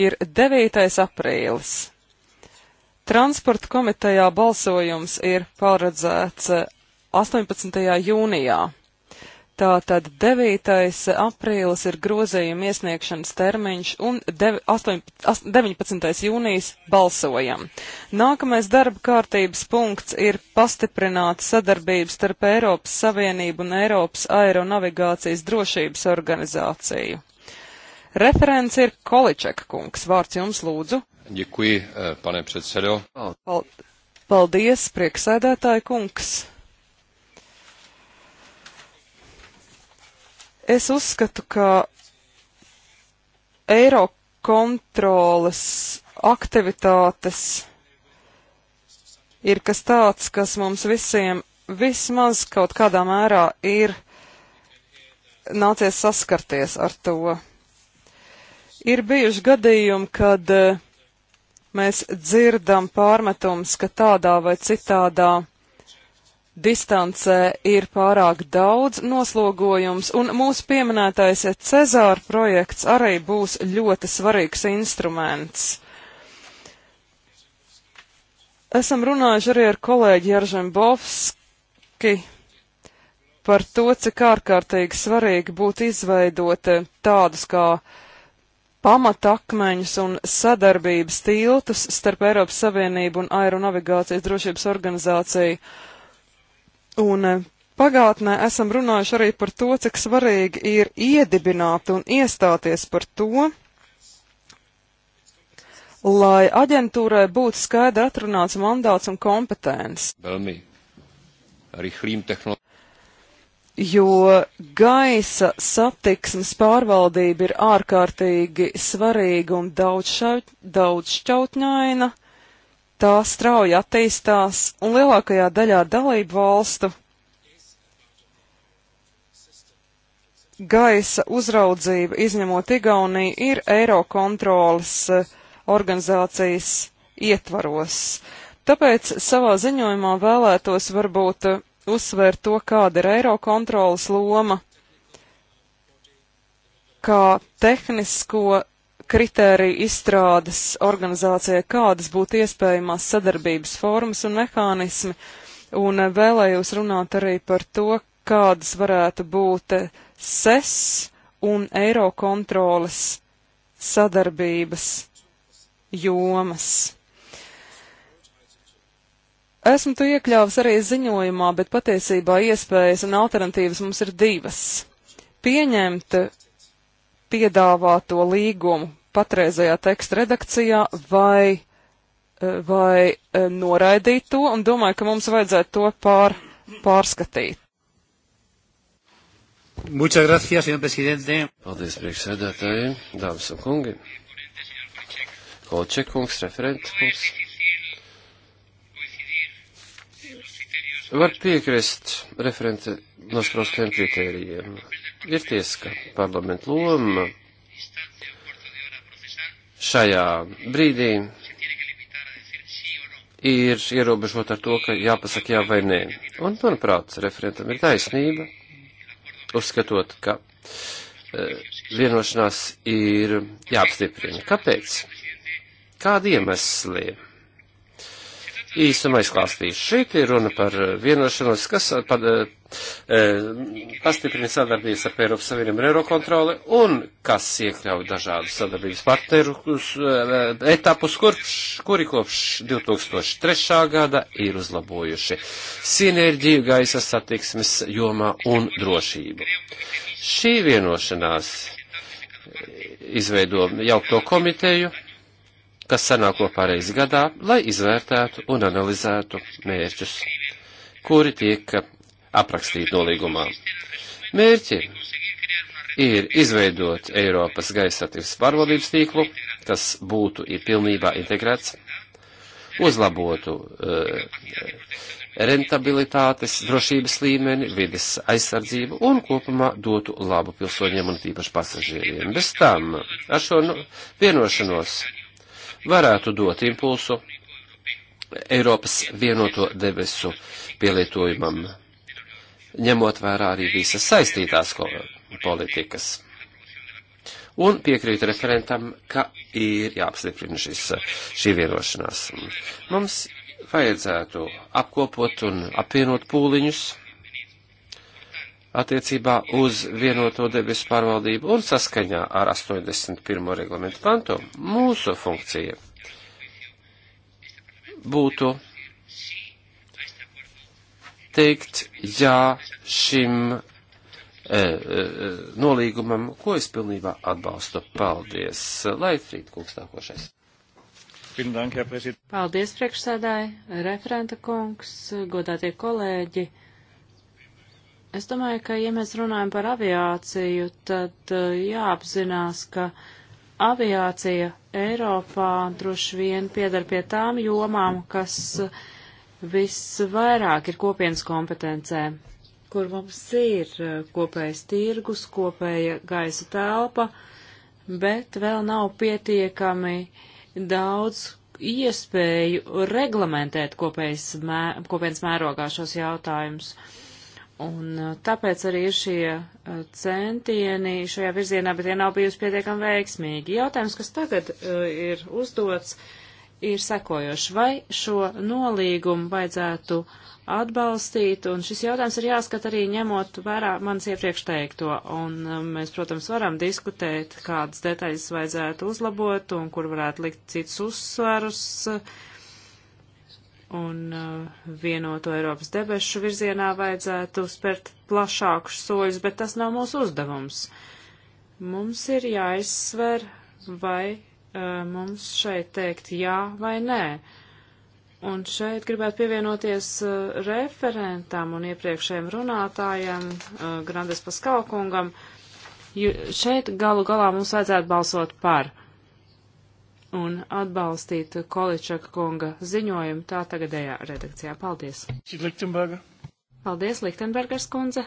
ir 9. aprīlis. Transporta komitejā balsojums ir paredzēts 18. E, jūnijā. Tātad 9. aprīlis ir grozījuma iesniegšanas termiņš un 19. jūnijas balsojam. Nākamais darba kārtības punkts ir pastiprināt sadarbību starp Eiropas Savienību un Eiropas aeronavigācijas drošības organizāciju. Referents ir Količek kungs. Vārds jums lūdzu. Děkuji, eh, pane předsedo. Paldies, prieksēdētāji kungs. Es uzskatu, ka eiro kontroles aktivitātes ir kas tāds, kas mums visiem vismaz kaut kādā mērā ir nācies saskarties ar to. Ir bijuši gadījumi, kad eh, mēs dzirdam pārmetums, ka tādā vai citādā distancē ir pārāk daudz noslogojums, un mūsu pieminētais Cezāra projekts arī būs ļoti svarīgs instruments. Esam runājuši arī ar kolēģi Jaržembovski par to, cik ārkārtīgi svarīgi būtu izveidot tādus kā pamatakmeņus un sadarbības tiltus starp Eiropas Savienību un Aeronavigācijas drošības organizāciju Un eh, pagātnē esam runājuši arī par to, cik svarīgi ir iedibināt un iestāties par to, lai aģentūrai būtu skaidri atrunāts mandāts un kompetents. Jo gaisa satiksmes pārvaldība ir ārkārtīgi svarīga un daudz, šaut, daudz šķautņaina, tā strauji attīstās un lielākajā daļā dalību valstu gaisa uzraudzība, izņemot Igauniju, ir Eirokontrolas eh, organizācijas ietvaros. Tāpēc savā ziņojumā vēlētos varbūt eh, uzsvērt to, kāda ir Eirokontrolas loma, kā tehnisko kritēriju izstrādes organizācijai, kādas būtu iespējamās sadarbības formas un mehānismi, un eh, vēlējos runāt arī par to, kādas varētu būt SES eh, e un Eirokontroles sadarbības jomas. Esmu to iekļāvis arī ziņojumā, bet patiesībā iespējas un alternatīvas mums ir divas. Pieņemt piedāvāto līgumu patreizajā teksta redakcijā vai, e, vai e, noraidīt to, un domāju, ka mums vajadzētu to pār, pārskatīt. Muchas gracias, señor presidente. Paldies, priekšsēdētāji, dāmas un kungi. Kolčekungs, referentkungs. Var piekrist referente nospraustiem kritērijiem ir tiesa, ka parlamenta loma šajā brīdī ir ierobežot ar to, ka jāpasaka jā vai nē. Un, manuprāt, referentam ir taisnība, uzskatot, ka uh, vienošanās ir jāapstiprina. Kāpēc? Kādi iemesli īsumā izklāstīšu. Šeit ir runa par vienošanos, kas eh, pad, e, pastiprina sadarbības ar Eiropas Savienību un Eirokontroli un kas iekļauj dažādu sadarbības partneru e, etapus, kurš, kuri kopš 2003. gada ir uzlabojuši sinerģiju gaisa satiksmes jomā un drošību. Šī vienošanās izveido jaukto komiteju kas sanāk kopā reizi gadā, lai izvērtētu un analizētu mērķus, kuri tiek aprakstīti nolīgumā. Mērķi ir izveidot Eiropas gaisatiks pārvaldības tīklu, kas būtu ir pilnībā integrēts, uzlabotu uh, rentabilitātes, drošības līmeni, vides aizsardzību un kopumā dotu labu pilsoņiem un tīpaši pasažieriem. Bez tam ar šo vienošanos varētu dot impulsu Eiropas vienoto debesu pielietojumam, ņemot vērā arī visas saistītās politikas. Un piekrīt referentam, ka ir jāapstiprina šis, šī vienošanās. Mums vajadzētu apkopot un apvienot pūliņus attiecībā uz vienoto debesu pārvaldību un saskaņā ar 81. reglamentu pantu mūsu funkcija būtu teikt jā šim e, e, e, nolīgumam, ko es pilnībā atbalstu. Paldies, Laitfrīd, kungs nākošais. Paldies, priekšsēdāji, referenta kungs, godātie kolēģi. Es domāju, ka, ja mēs runājam par aviāciju, tad eh, jāapzinās, ka aviācija Eiropā droši vien piedar pie tām jomām, kas eh, visvairāk ir kopienas kompetencē, kur mums ir eh, kopējs tirgus, kopēja gaisa telpa, bet vēl nav pietiekami daudz iespēju reglamentēt kopējas mē, kopienas mērogā šos jautājumus. Uh, Un uh, tāpēc arī ir šie uh, centieni šajā virzienā, bet tie nav bijusi pietiekami veiksmīgi. Jautājums, kas tagad uh, ir uzdots, ir sekojoši. Vai šo nolīgumu vajadzētu atbalstīt? Un šis jautājums ir jāskat arī ņemot vērā manas iepriekš teikto. Un mēs, protams, varam diskutēt, kādas detaļas vajadzētu uzlabot un kur varētu likt cits uzsvarus. Uh, un uh, vienoto Eiropas debešu virzienā vajadzētu spērt plašākus soļus, bet tas nav mūsu uzdevums. Mums ir jāizsver, vai uh, mums šeit teikt jā vai nē. Un šeit gribētu pievienoties uh, referentam un iepriekšējiem runātājiem, Grandes Paskalkungam. Šeit galu galā mums vajadzētu balsot par un atbalstīt Količaka kunga ziņojumu tā tagadējā redakcijā. Paldies! Liktenberga. Paldies, Liktenbergers kundze!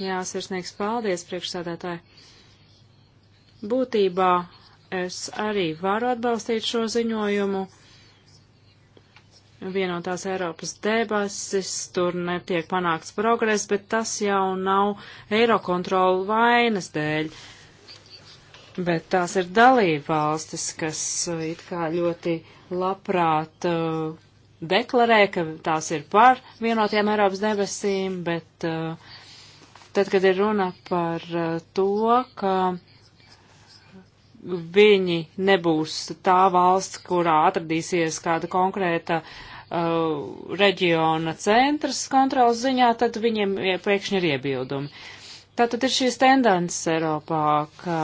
Jā, sirsnīgs paldies, priekšsādātāji! Būtībā es arī varu atbalstīt šo ziņojumu. Vienotās Eiropas debasis, tur netiek panākts progress, bet tas jau nav Eirokontrolu vainas dēļ. Uh, bet tās ir dalība valstis, kas uh, it kā ļoti labprāt uh, deklarē, ka tās ir par vienotiem Eiropas debesīm, bet uh, tad, kad ir runa par uh, to, ka viņi nebūs tā valsts, kurā atradīsies kāda konkrēta uh, reģiona centrs kontrols ziņā, tad viņiem pēkšņi ir iebildumi. Tātad ir šīs tendences Eiropā, ka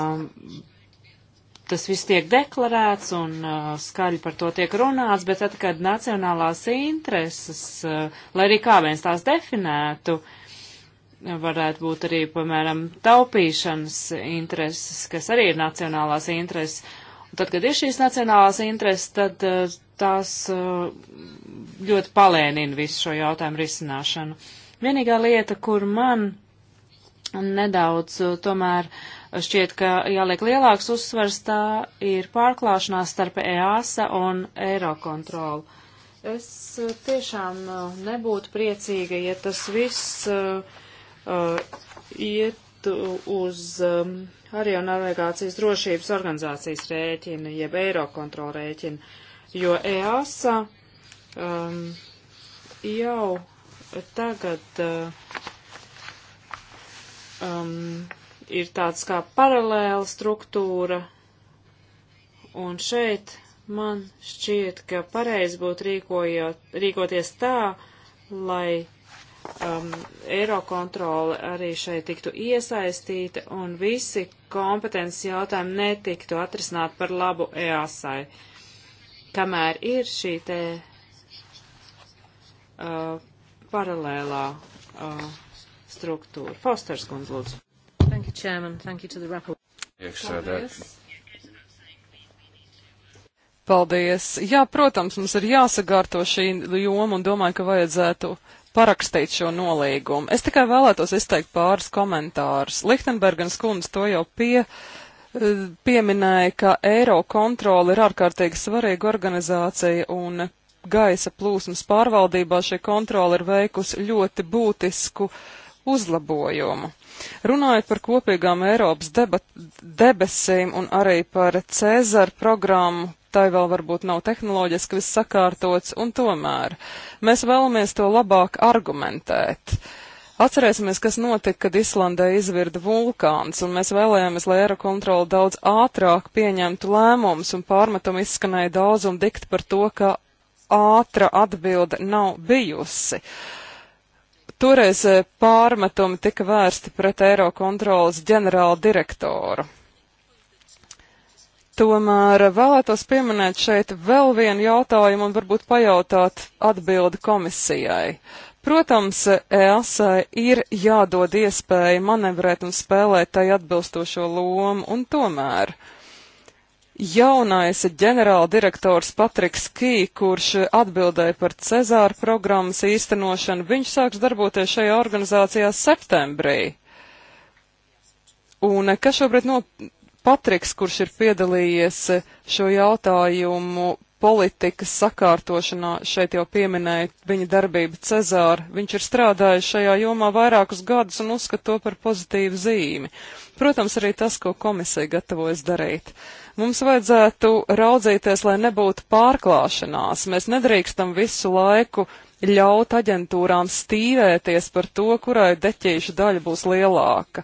tas viss tiek deklarēts un uh, skaļi par to tiek runāts, bet tad, kad nacionālās intereses, uh, lai arī kā viens tās definētu, varētu būt arī, piemēram, taupīšanas intereses, kas arī ir nacionālās intereses. Un tad, kad ir šīs nacionālās intereses, tad uh, tās uh, ļoti palēnina visu šo jautājumu risināšanu. Vienīgā lieta, kur man nedaudz uh, tomēr šķiet, ka jāliek lielāks uzsvars, tā ir pārklāšanās starp EASA un Eirokontrolu. Es uh, tiešām uh, nebūtu priecīga, ja tas viss uh, iet uz um, aeronavigācijas drošības organizācijas rēķina, jeb Eirokontrola rēķina, jo EASA um, jau tagad uh, um, ir tāds kā paralēla struktūra, un šeit man šķiet, ka pareizi būtu rīkoties tā, lai um, Eirokontrole arī šeit tiktu iesaistīta un visi kompetences jautājumi netiktu atrisināt par labu EASai. Kamēr ir šī te uh, paralēlā uh, struktūru. Fausters kundz, lūdzu. Thank you, Chairman. Thank you to the rapport. Iekšsēdētāji. Paldies! Jā, protams, mums ir jāsagārto šī joma un domāju, ka vajadzētu parakstīt šo nolīgumu. Es tikai vēlētos izteikt pāris komentārus. Lichtenbergens kundze to jau pie, eh, pieminēja, ka Eiro kontroli ir ārkārtīgi svarīga organizācija un gaisa plūsmas pārvaldībā šī kontrola ir veikusi ļoti būtisku uh, uzlabojumu. Runājot par kopīgām Eiropas debat, debesīm un arī par Cēzara programmu, tai vēl varbūt nav tehnoloģiski viss sakārtots, un tomēr mēs vēlamies to labāk argumentēt. Atcerēsimies, kas notika, kad Islandē izvirda vulkāns, un mēs vēlējāmies, lai Eiro kontrola daudz ātrāk pieņemtu lēmumus, un pārmetumu izskanēja daudz un dikt par to, ka ātra atbilde nav bijusi. Uh, Toreiz eh, pārmetumi tika vērsti pret Eirokontrolas ģenerālu direktoru. Tomēr vēlētos pieminēt šeit vēl vienu jautājumu un varbūt pajautāt atbildi komisijai. Protams, EASA ir jādod iespēja manevrēt un spēlēt tai atbilstošo lomu, un tomēr uh, jaunais ģenerāldirektors Patriks Kī, kurš atbildēja par Cezāra programmas īstenošanu, viņš sāks darboties šajā organizācijā septembrī. Un kas šobrīd no Patriks, kurš ir piedalījies šo jautājumu politikas sakārtošanā, šeit jau pieminēja viņa darbību Cezāra, viņš ir strādājis šajā jomā vairākus gadus un uzskata to par pozitīvu zīmi. Protams, arī tas, ko komisija gatavojas darīt. Uh, Mums vajadzētu raudzīties, lai nebūtu pārklāšanās. Mēs nedrīkstam visu laiku ļaut aģentūrām stīvēties par to, kurai deķīša daļa būs lielāka.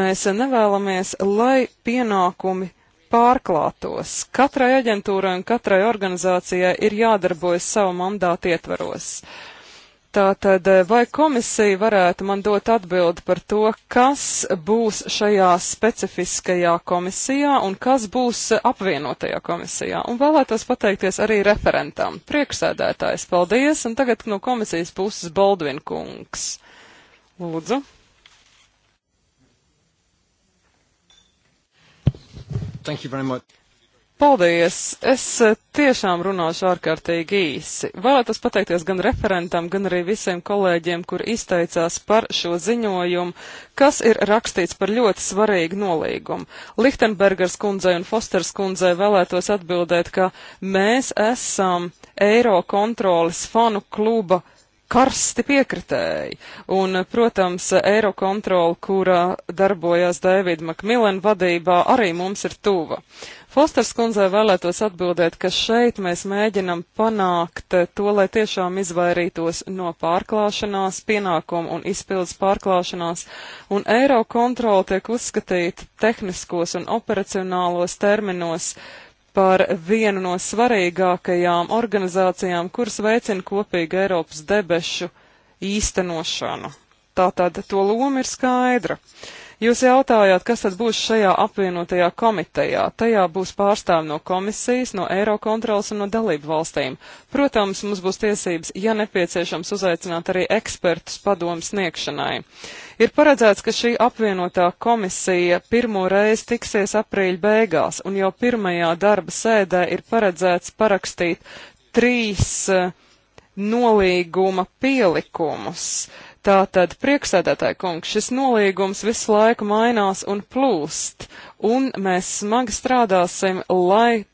Mēs nevēlamies, lai pienākumi pārklātos. Katrai aģentūrai un katrai organizācijai ir jādarbojas savu mandātu ietvaros. Uh, Tātad, eh, vai komisija varētu man dot atbildi par to, kas būs šajā specifiskajā komisijā un kas būs eh, apvienotajā komisijā? Un vēlētos pateikties arī referentam. Prieksēdētājs, paldies, un tagad no komisijas puses Baldvin kungs. Lūdzu. Thank you very much. Paldies! Es eh, tiešām runāšu ārkārtīgi īsi. Vēlētos pateikties gan referentam, gan arī visiem kolēģiem, kur izteicās par šo ziņojumu, kas ir rakstīts par ļoti svarīgu nolīgumu. Lichtenbergers kundzei un Fosters kundzei vēlētos atbildēt, ka mēs esam Eiro kontrolas fanu kluba karsti piekritēji. Un, protams, Eirokontrola, kura darbojās Davida Makmilena vadībā, arī mums ir tuva. Fosters kundzei vēlētos atbildēt, ka šeit mēs mēģinam panākt eh, to, lai tiešām izvairītos no pārklāšanās, pienākumu un izpildes pārklāšanās, un eiro kontrola tiek uzskatīta tehniskos un operacionālos terminos par vienu no svarīgākajām organizācijām, kuras veicina kopīgu Eiropas debešu īstenošanu. Tātad to loma ir skaidra. Uh, Jūs jautājāt, kas tad būs šajā apvienotajā komitejā. Tajā būs pārstāvi no komisijas, no Eirokontrols un no dalību valstīm. Protams, mums būs tiesības, ja nepieciešams, uzaicināt arī ekspertus padomu sniegšanai. Ir paredzēts, ka šī apvienotā komisija pirmo reizi tiksies aprīļa beigās, un jau pirmajā darba sēdē ir paredzēts parakstīt trīs uh, nolīguma pielikumus. Uh, Tātad, prieksēdētāji kungs, šis nolīgums visu laiku mainās un plūst, un mēs smagi strādāsim, lai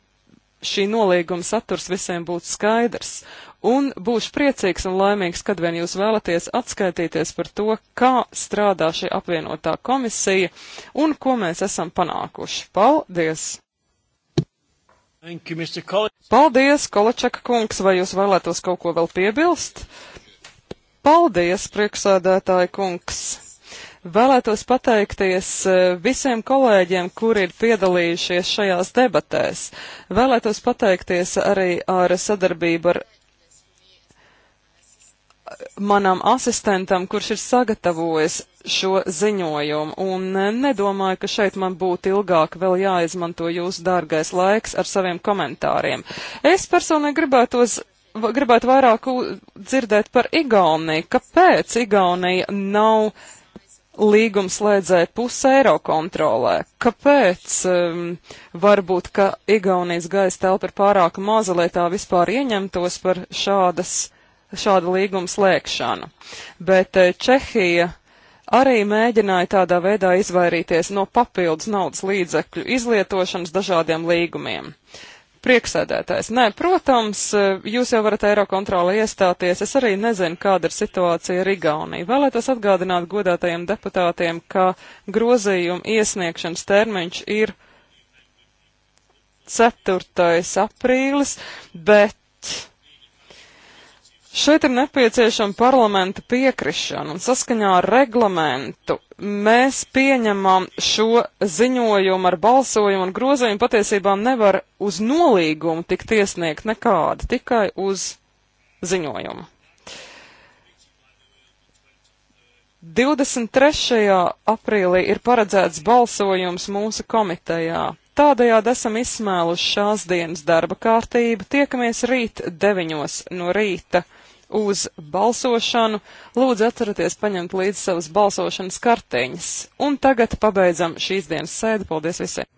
šī nolīguma saturs visiem būtu skaidrs. Un būšu priecīgs un laimīgs, kad vien jūs vēlaties atskaitīties par to, kā strādā šī apvienotā komisija un ko mēs esam panākuši. Paldies! You, Paldies, Kolačaka kungs, vai jūs vēlētos kaut ko vēl piebilst? Uh, Paldies, prieksēdētāji kungs! Vēlētos pateikties e, visiem kolēģiem, kuri ir piedalījušies šajās debatēs. Vēlētos pateikties arī ar sadarbību ar manam asistentam, kurš ir sagatavojis šo ziņojumu, un nedomāju, ka šeit man būtu ilgāk vēl jāizmanto jūsu dārgais laiks ar saviem komentāriem. Es personīgi gribētos gribētu vairāk dzirdēt par Igauniju. Kāpēc Igaunija nav līgumslēdzēja puse eiro kontrolē? Kāpēc um, varbūt, ka Igaunijas gaisa telpa ir pārāk maza, lai tā vispār ieņemtos par šādas, šādu līgumu slēgšanu? Bet eh, Čehija arī mēģināja tādā veidā izvairīties no papildus naudas līdzekļu izlietošanas dažādiem līgumiem. Uh, Prieksēdētājs. Nē, protams, eh, jūs jau varat Eirokontrolē iestāties. Es arī nezinu, kāda ir situācija ar Igauniju. Vēlētos atgādināt godātajiem deputātiem, ka grozījuma iesniegšanas termiņš ir 4. aprīlis, bet Šeit ir nepieciešama parlamenta piekrišana, un saskaņā ar reglamentu mēs pieņemam šo ziņojumu ar balsojumu, un grozījumu patiesībā nevar uz nolīgumu tikt iesniegt nekādu, tikai uz ziņojumu. 23. aprīlī ir paredzēts balsojums mūsu komitejā. Tādējādi esam izsmēluši šās dienas darba kārtību. Tiekamies rīt 9 no rīta uz balsošanu. Lūdzu, atcerieties paņemt līdzi savas balsošanas karteņas. Un tagad pabeidzam šīs dienas sēdi. Paldies visiem!